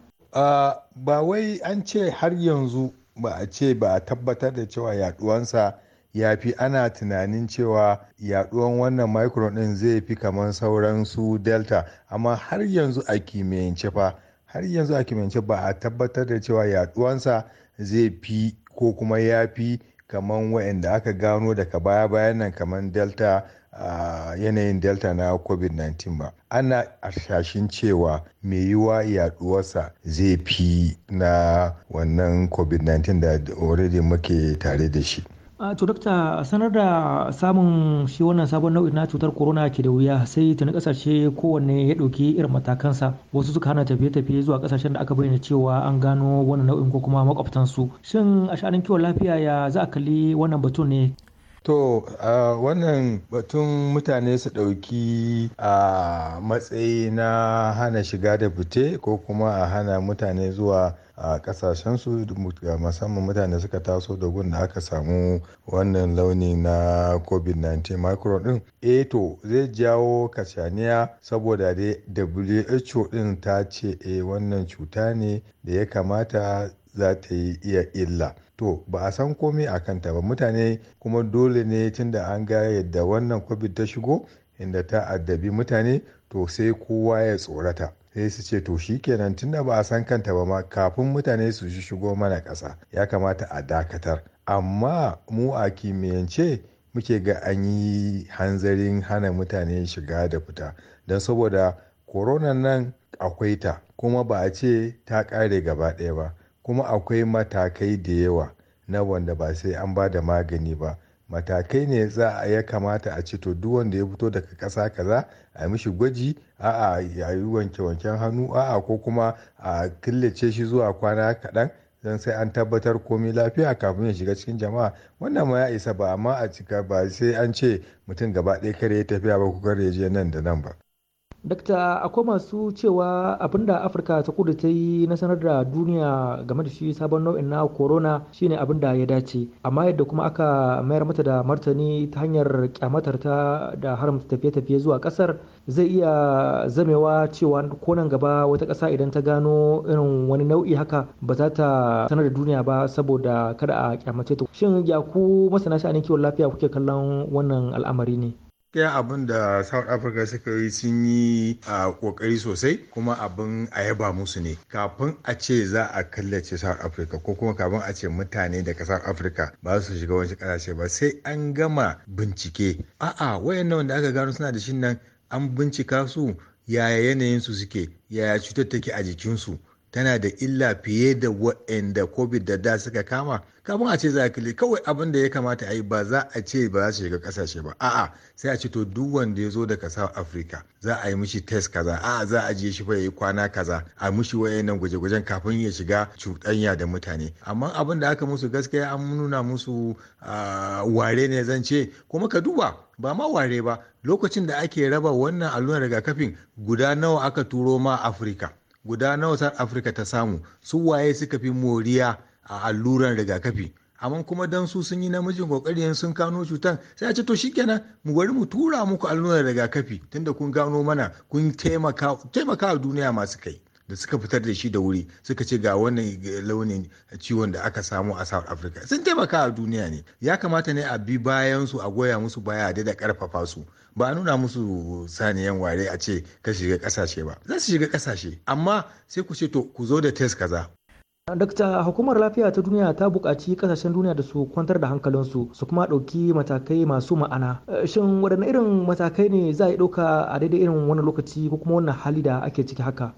Ba wai an ce har yanzu ba a ce ba a tabbatar da cewa yaduwansa ya fi ana tunanin cewa yaduwan wannan micro din zai fi kamar sauran su delta amma har yanzu a kimiyyance fa har yanzu a kimiyyance ba a tabbatar da cewa yaduwansa zai fi ko kuma ya fi kamar wa'anda aka gano daga baya-bayan nan kamar delta a yanayin delta na covid-19 ba ana ashashin cewa mai yiwa yaduwarsa zai fi na wannan covid-19 da already muke tare da shi Ah, to dokta sanar da samun shi wannan sabon nau'in na cutar corona ke da wuya sai tuni kasashe kowanne ya ɗauki irin matakansa wasu suka hana tafiye-tafiye zuwa kasashen da aka bayyana cewa an gano wannan nau'in ko kuma makwabtansu shin a sha'anin kiwon lafiya ya za a kalli wannan batun ne To, uh, wannan batun mutane su ɗauki a uh, matsayi na hana shiga da fite ko kuma a hana mutane zuwa a kasashensu musamman mutane suka taso da gun da aka samu wannan launi na covid-19 micro din eh to zai jawo kashaniya saboda dai who din ta ce eh wannan cuta ne da ya kamata za ta yi iya illa to ba a san komai a kanta ba mutane kuma dole ne tunda an ga yadda wannan covid ta shigo inda ta addabi mutane to sai kowa ya tsorata sai su ce to shi kenan tunda ba a san kanta ba ma kafin mutane su shigo mana ƙasa ya kamata a dakatar amma mu a kimiyyance muke ga an yi hanzarin hana mutane shiga da fita don saboda korona nan akwai ta kuma ba a ce ta ƙare gaba ɗaya ba kuma akwai matakai da yawa na wanda ba sai an ba da magani ba matakai ne za a ya kamata a ce to duk wanda ya fito daga ƙasa kaza a mishi gwaji a'a yayi yi wanke-wanken hannu a'a ko kuma a killace shi zuwa kwana kaɗan don sai an tabbatar komai lafiya kafin ya shiga cikin jama'a wannan ma ya isa ba amma a cika ba sai an ce mutum gaba ɗaya kare ya tafiya ba ko kare ya je nan da nan ba. dakta akwai masu cewa abinda afirka ta kudu ta yi na sanar da duniya game da shi sabon nau'in na corona shine abin da ya dace amma yadda kuma aka mayar mata da martani ta hanyar kyamatar ta da haramta tafiye-tafiye zuwa kasar zai iya zamewa cewa ko gaba wata kasa idan ta gano irin wani nau'i haka ba za ta sanar da duniya ba saboda kada a kyamace ta shin ya ku masana sha'anin kiwon lafiya kuke kallon wannan al'amari ne gaskiya abin da south africa suka yi sun yi a kokari sosai kuma abin a yaba musu ne kafin a ce za a kallace south africa ko kuma kafin a ce mutane daga south africa ba su shiga wani kasashe ba sai an gama bincike a'a nan da aka gano suna da shin nan an bincika su yaya yanayin su suke yaya cutar take a jikinsu tana da illa fiye da waɗanda covid da da suka kama kafin a ce za a kili kawai abin da ya kamata a yi ba za a ce ba za su shiga kasashe ba a'a sai a ce to duk wanda ya zo daga south africa za a yi mishi test kaza a'a za a je shi fa yi kwana kaza a mishi wayannan gwaje-gwajen kafin ya shiga cuɗanya da mutane amma abin da aka musu gaskiya an nuna musu ware ne zan ce kuma ka duba ba ma ware ba lokacin da ake raba wannan allurar rigakafin guda nawa aka turo ma afirka guda nawa south africa ta samu su waye suka fi moriya a alluran rigakafi amma kuma dan su sun yi namijin kokari sun kano cutan sai a ce to shikenan mu bari mu tura muku alluran rigakafi tunda kun gano mana kun taimaka taimaka duniya masu kai da suka fitar da shi da wuri suka ce ga wannan launin ciwon da aka samu a south africa sun taimaka a duniya ne ya kamata ne a bi bayan su a goya musu baya da da karfafa su ba a nuna musu saniyan ware a ce ka shiga kasashe ba za su shiga kasashe amma sai ku ce to ku zo da test kaza Dakta hukumar lafiya ta duniya ta buƙaci kasashen duniya da su kwantar da hankalinsu su kuma ɗauki matakai masu ma'ana. Eh, shin waɗanne irin matakai ne za a ɗauka a daidai irin wannan lokaci ko kuma wannan hali da ake ciki haka?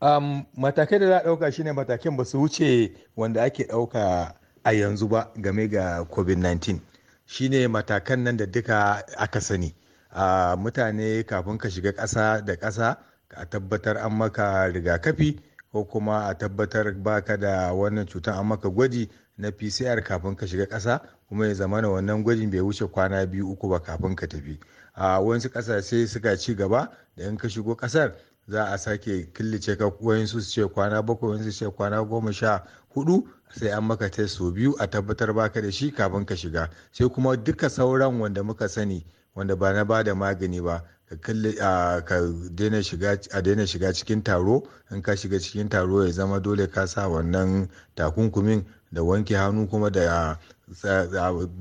Um, matakai da za a ɗauka shine matakin ba su wuce wanda ake ɗauka a yanzu ba game ga COVID-19. Shine matakan nan da duka aka sani. a mutane kafin ka shiga ƙasa da ƙasa a tabbatar an maka rigakafi ko kuma a tabbatar baka da wannan cutar an maka gwaji na pcr kafin ka shiga ƙasa kuma ya zama na wannan gwajin bai wuce kwana biyu uku ba kafin ka tafi a wasu ƙasashe suka ci gaba da in ka shigo ƙasar za a sake killace ka wayansu su ce kwana bakwai wayansu su ce kwana goma sha hudu sai an maka test sau biyu a tabbatar baka da shi kafin ka shiga sai kuma duka sauran wanda muka sani wanda ba na bada magani ba ka daina shiga a daina shiga cikin taro in ka shiga cikin taro ya zama dole ka sa wannan takunkumin da wanke hannu kuma da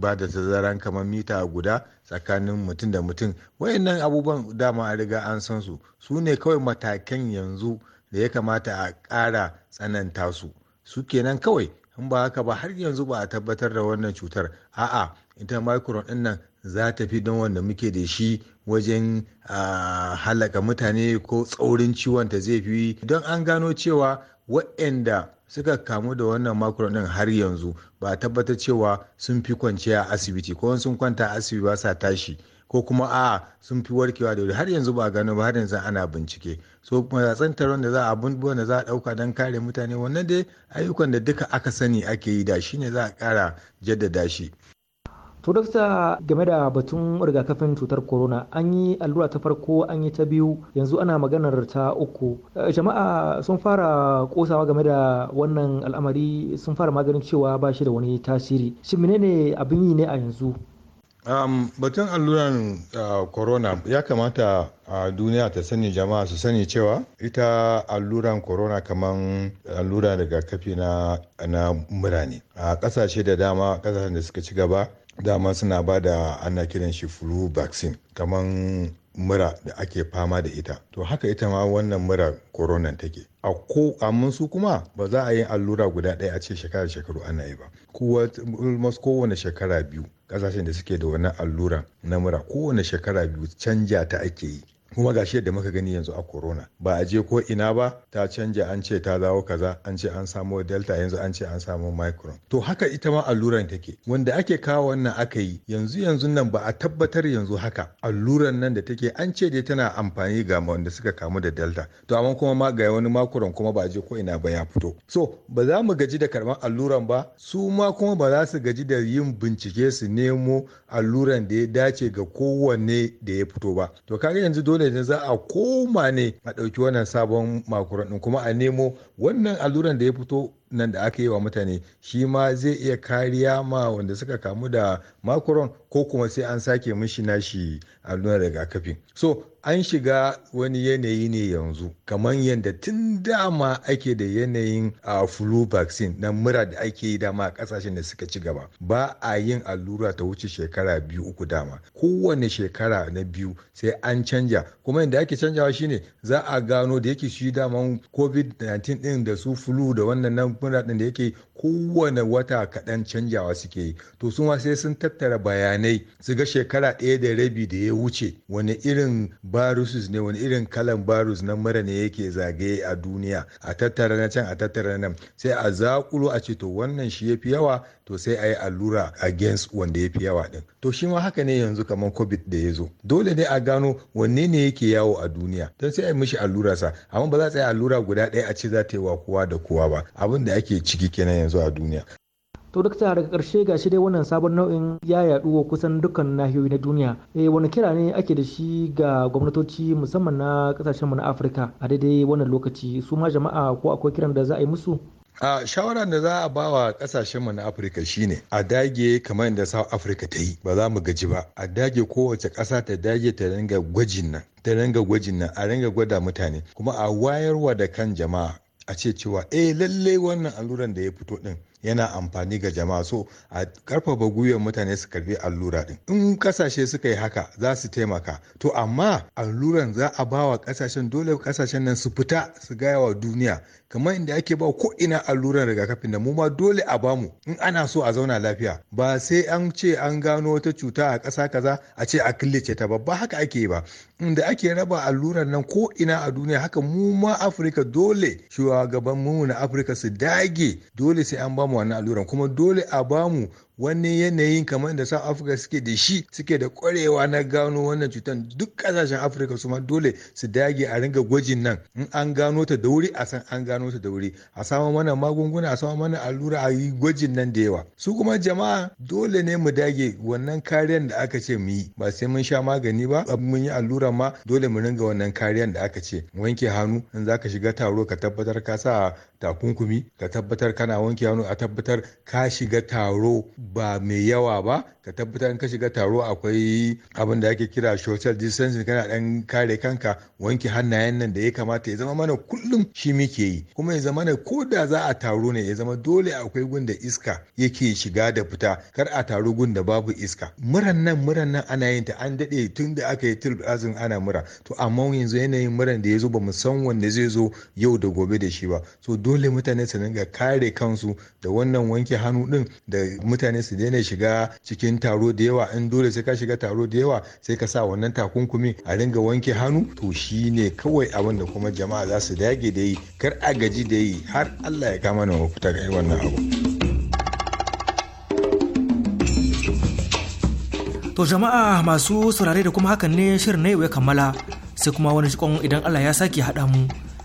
ba da tazaran kamar mita guda tsakanin mutum da mutum wayannan abubuwan dama a riga an san su su ne kawai matakan yanzu da ya kamata a kara tsananta su su kenan kawai in ba haka ba har yanzu ba a tabbatar da wannan cutar a'a ita micron ɗin nan za ta fi don wanda muke da shi wajen halaka mutane ko tsaurin ciwon ta zai fi don an gano cewa waɗanda suka kamu da wannan makro ɗin har yanzu ba tabbatar cewa sun fi kwanciya a asibiti ko sun kwanta a asibiti ba sa tashi ko kuma a sun fi warkewa da wuri har yanzu ba gano ba har yanzu ana bincike so matsatsen taron da za a abubuwan da za a ɗauka don kare mutane wannan dai ayyukan da duka aka sani ake yi da shi ne za a ƙara jaddada shi to dakta game da batun rigakafin cutar corona an yi allura ta farko an yi ta biyu yanzu ana maganar ta uku eh, jama'a sun fara kosawa game da wannan al'amari sun fara maganin cewa ba shi da wani tasiri shin menene abin yi ne a yanzu Um, batun alluran uh, corona ya kamata a uh, duniya ta sani jama'a su sani cewa ita alluran corona kamar allura daga kafi na, na murane a uh, kasashe da dama kasashen da suka ci gaba dama suna ba da ana kiran shi flu vaccine kaman mura da ake fama da ita to haka ita ma wannan mura koronan take a ko amma su kuma ba za a yi allura guda ɗaya a ce shekara shekaru ana yi ba almost kowane shekara biyu ƙasashen da suke da wannan allura na mura kowane shekara biyu canja ta ake yi kuma shi da muka gani yanzu a corona ba a je ko ina ba ta canja an ce ta dawo kaza an ce an samo delta yanzu an ce an samo micron to haka ita ma alluran take wanda ake kawo wannan aka yi yanzu yanzu nan ba a tabbatar yanzu haka alluran nan da take an ce dai tana amfani ga wanda suka kamu da delta to amma kuma ma ga wani makuron kuma ba a je ko ina ba ya fito so ba za mu gaji da karban alluran ba su ma kuma ba za su gaji da yin bincike su nemo alluran da ya dace ga kowanne da ya fito ba to kaga yanzu dole dole ne za a koma ne a ɗauki wannan sabon makuran ɗin kuma a nemo wannan alluran da ya fito nan da aka yi wa mutane shi ma zai iya kariya ma wanda suka kamu da makuron ko kuma sai an sake mishi nashi alluran rigakafi so an shiga wani yanayi ne yanzu kamar yadda tun dama ake da yanayin a flu vaccine na mura da ake yi dama a kasashen da suka ci gaba ba a yin allura ta wuce shekara biyu uku dama kowane shekara na biyu sai an canja kuma yadda ake canjawa shine za a gano da yake shi daman covid-19 din da su flu da wannan nan mura din da yake kowane wata kaɗan canjawa suke yi to sun sai sun tattara bayanai su ga shekara ɗaya da rabi da ya wuce wani irin viruses ne wani irin kalan barus na mura ne yake zagaye a duniya a tattara na can a tattara nan sai a zakulo a ce to wannan shi ya fi yawa to sai a yi allura against wanda ya fi yawa din to shi ma haka ne yanzu kamar covid da ya zo dole ne a gano wanne ne yake yawo a duniya don sai a yi mishi allura sa amma ba za a yi allura guda ɗaya a ce za ta yi wa kowa da kowa ba abin da ake ciki kenan yanzu a duniya to duk daga karshe ga shi dai wannan sabon nau'in ya yaduwa kusan dukkan nahiyoyi na duniya eh wani kira ne ake da shi ga gwamnatoci musamman na kasashen mu na afirka a daidai wannan lokaci su ma jama'a ko akwai kiran da za a yi musu a shawara da za a ba wa mu na afirka shine a dage kamar yadda south africa ta yi ba za mu gaji ba a dage kowace ƙasa ta dage ta ringa gwajin nan ta ringa gwajin nan a ringa gwada mutane kuma a wayarwa da kan jama'a a ce cewa eh lalle wannan alluran da ya fito din yana amfani ga jama'a so a karfafa gwiwar mutane su karbi allura din in kasashe suka yi haka za su taimaka to amma alluran za a bawa kasashen dole kasashen nan su fita su gaya wa duniya kamar inda ake ba ko ina alluran rigakafin da mu ma dole a bamu in ana so a zauna lafiya ba sai an ce an gano wata cuta a ƙasa kaza a ce a killace ta ba ba haka ake yi ba inda ake raba alluran nan ko ina a duniya haka mu ma afirka dole shugaban mu na afirka su dage dole sai an ba bamu wannan alluran kuma dole a bamu wani yanayin kamar da sa afirka suke da shi suke da kwarewa na gano wannan cutar duk kasashen afirka su ma dole su dage a ringa gwajin nan in an gano ta da wuri a san an gano ta da wuri a samu mana magunguna a samu mana allura a yi gwajin nan da yawa su kuma jama'a dole ne mu dage wannan kariyar da aka ce mu yi ba sai mun sha magani ba mun yi allura ma dole mu ringa wannan kariyar da aka ce mu wanke hannu in za ka shiga taro ka tabbatar ka sa takunkumi ka tabbatar kana wanke hannu a tabbatar ka shiga taro ba mai yawa ba ka tabbatar ka shiga taro akwai abin da ake kira social distancing kana dan kare kanka wanke hannayen nan da ya kamata ya zama mana kullum shi muke yi kuma ya zama ko da za a taro ne ya zama dole akwai gun da iska yake shiga da fita kar a taro gun da babu iska muran nan muran nan ana yin ta an dade tun da aka yi tilbazin ana mura to amma yanzu yanayin muran da ya zo ba mu san wanda zai zo yau da gobe da shi ba so dole mutane su dinga kare kansu da wannan wanke hannu din da mutane mutane su daina shiga cikin taro da yawa in dole sai ka shiga taro da yawa sai ka sa wannan takunkumi a ringa wanke hannu to shi ne kawai abin da kuma jama'a za su dage da yi kar a gaji da yi har allah ya kama mana wakuta ga wannan abu. To jama'a masu saurare da kuma hakan ne shirin ne ya kammala sai kuma wani jikon idan Allah ya sake haɗa mu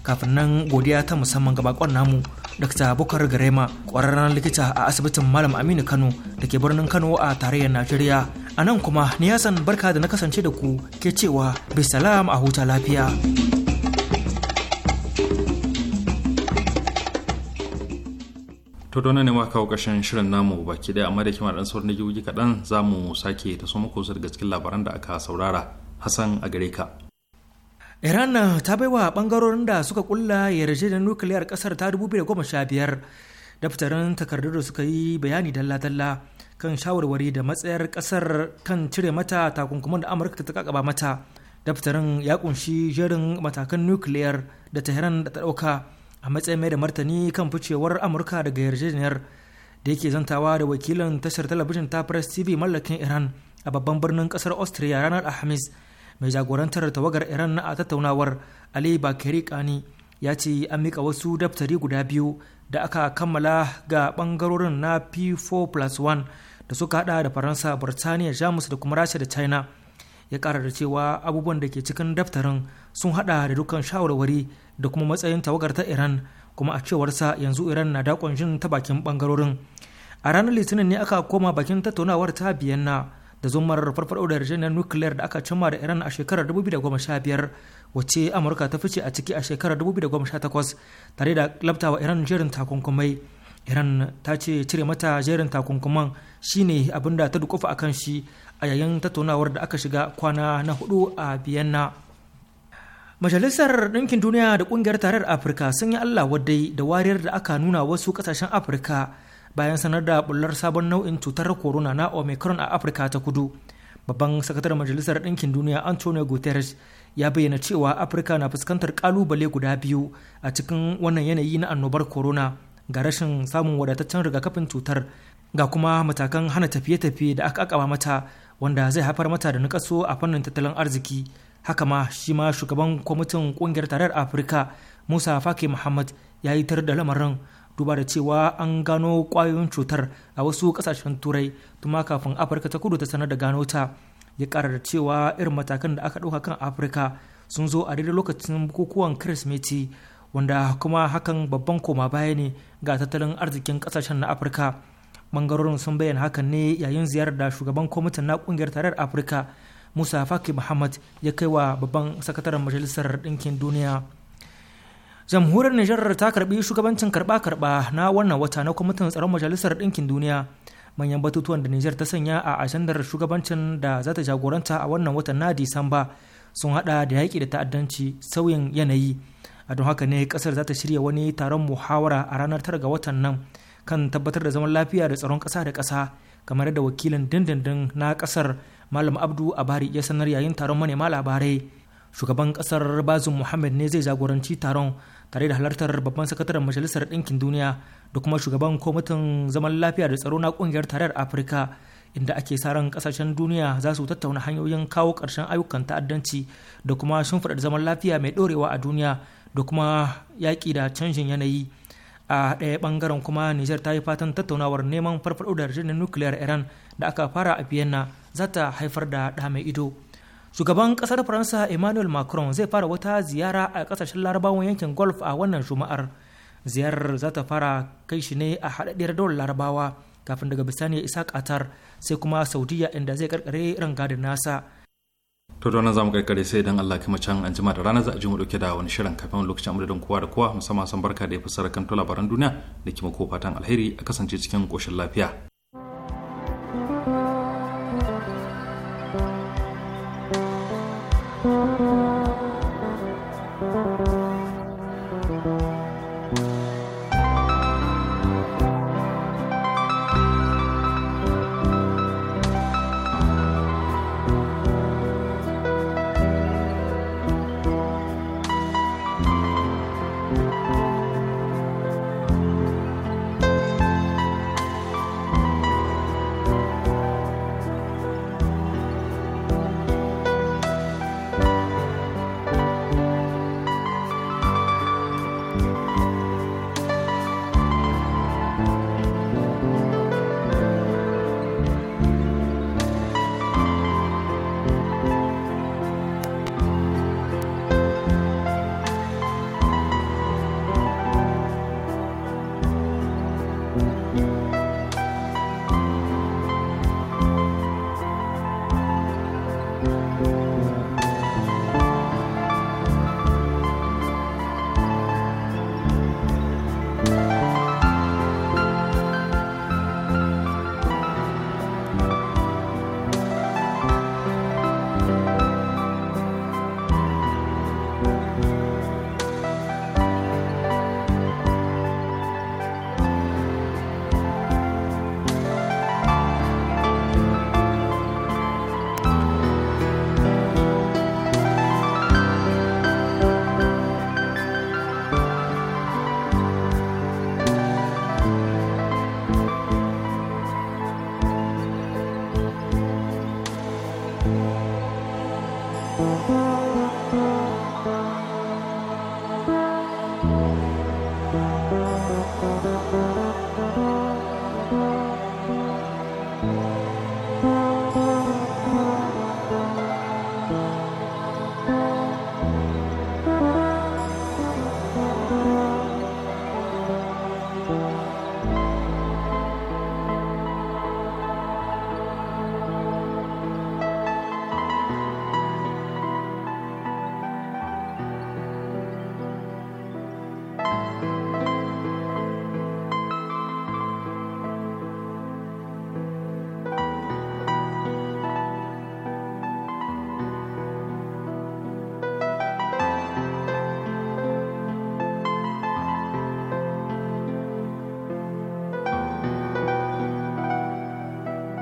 kafin nan godiya ta musamman ga bakon namu Dr. Bukar Garema ƙwararren likita a asibitin Malam Aminu Kano da ke birnin Kano a tarayyar Najeriya. A nan kuma ni san barka da na kasance da ku ke cewa bisalam a huta lafiya. to don ne ma kawo kashin shirin namu baki ɗaya amma da kima ɗan sauran da kaɗan za mu sake ta so muku daga cikin labaran da aka saurara hassan a gare ka iran ta baiwa bangarorin da suka kulla yarjejeniyar nukiliyar kasar ta 2015 daftarin takardar da suka yi bayani dalla-dalla kan shawarwari da matsayar kasar kan cire mata takunkuman da amurka ta kakaba mata daftarin ya kunshi jerin matakan nukiliyar da tehran da ta dauka a matsayin mai da martani kan ficewar amurka daga yarjejeniyar da yake zantawa da wakilin tashar talabijin ta press tv mallakin iran a babban birnin kasar austria ranar alhamis mai jagorantar tawagar iran na a tattaunawar ali bakari kani ya ce an mika wasu daftari guda biyu da aka kammala ga bangarorin na p 4 plus 1 da suka hada da faransa burtaniya jamus da kuma rasha da china ya kara da cewa abubuwan da ke cikin daftarin sun hada da dukkan shawarwari da kuma matsayin tawagar ta iran kuma a cewarsa yanzu iran na dakon jin ta bakin bangarorin a ranar litinin ne aka koma bakin tattaunawar ta biyanna da zumar farfado da yarjejeniyar nukiliyar da aka cimma da iran a shekarar 2015 wacce amurka ta fice a ciki a shekarar 2018 tare da labtawa iran jerin takunkumai iran ta ce cire mata jerin takunkuman shine abin da ta dukufa a kan shi a yayin tattaunawar da aka shiga kwana na hudu a biyanna majalisar ɗinkin duniya da ƙungiyar tarayyar afirka sun yi allah wadai da wariyar da aka nuna wasu ƙasashen afirka bayan sanar da bullar sabon nau'in cutar corona na omicron a afirka ta kudu babban sakataren majalisar ɗinkin duniya antonio guterres ya bayyana cewa afirka na fuskantar kalubale guda biyu a cikin wannan yanayi na annobar corona ga rashin samun wadataccen rigakafin cutar ga kuma matakan hana tafiye-tafiye da aka akaba mata wanda zai haifar mata da nakaso a fannin tattalin arziki haka ma shi ma shugaban kwamitin kungiyar tarayyar afirka musa fake muhammad ya yi tar da lamarin duba da cewa an gano kwayoyin cutar a wasu kasashen turai tuma kafin afirka ta kudu ta sanar da gano ta ya kara da cewa irin matakan da aka ɗauka kan afirka sun zo a daidai lokacin bukukuwan kirismeti wanda kuma hakan babban koma baya ne ga tattalin arzikin kasashen na afirka bangarorin sun bayyana hakan ne yayin ziyarar da shugaban kwamitin na kungiyar tarayyar afirka musa faki muhammad ya kai wa babban sakataren majalisar ɗinkin duniya jamhuriyar nijar ta karbi shugabancin karba-karba na wannan wata na kwamitin tsaron majalisar ɗinkin duniya manyan batutuwan da nijar ta sanya a ajandar shugabancin da za ta jagoranta a wannan watan na disamba sun hada da yaƙi da ta'addanci sauyin yanayi a don haka ne kasar za ta shirya wani taron muhawara a ranar tara ga watan nan kan tabbatar da zaman lafiya da tsaron ƙasa da kasa kamar da wakilin dindindin na ƙasar malam abdu abari ya sanar yayin taron manema labarai shugaban kasar bazin muhammad ne zai jagoranci taron tare da halartar babban sakataren majalisar ɗinkin duniya da kuma shugaban kwamitin zaman lafiya da tsaro na ƙungiyar tarayyar afirka inda ake sa ran kasashen duniya za su tattauna hanyoyin kawo ƙarshen ayyukan ta'addanci da kuma shimfiɗar zaman lafiya mai ɗorewa a duniya da kuma yaƙi da canjin yanayi a ɗaya ɓangaren kuma nijar ta yi fatan tattaunawar neman farfaɗo da yarjejeniyar nukiliyar iran da aka fara a vienna za ta haifar da ɗa mai ido shugaban kasar faransa emmanuel macron zai fara wata ziyara a kasashen larabawan yankin golf a wannan juma'ar ziyarar za ta fara kai shi ne a haɗaɗɗiyar daular larabawa kafin daga bisani ya isa qatar sai kuma saudiya inda zai karkare gadin nasa to da wannan zamu karkare sai idan Allah kuma can an jima da rana za a ji mu dauke da wani shirin kafin lokacin amadadin kowa da kowa musamman san barka da ya fi sarakan labaran duniya da kuma ko fatan alheri a kasance cikin koshin lafiya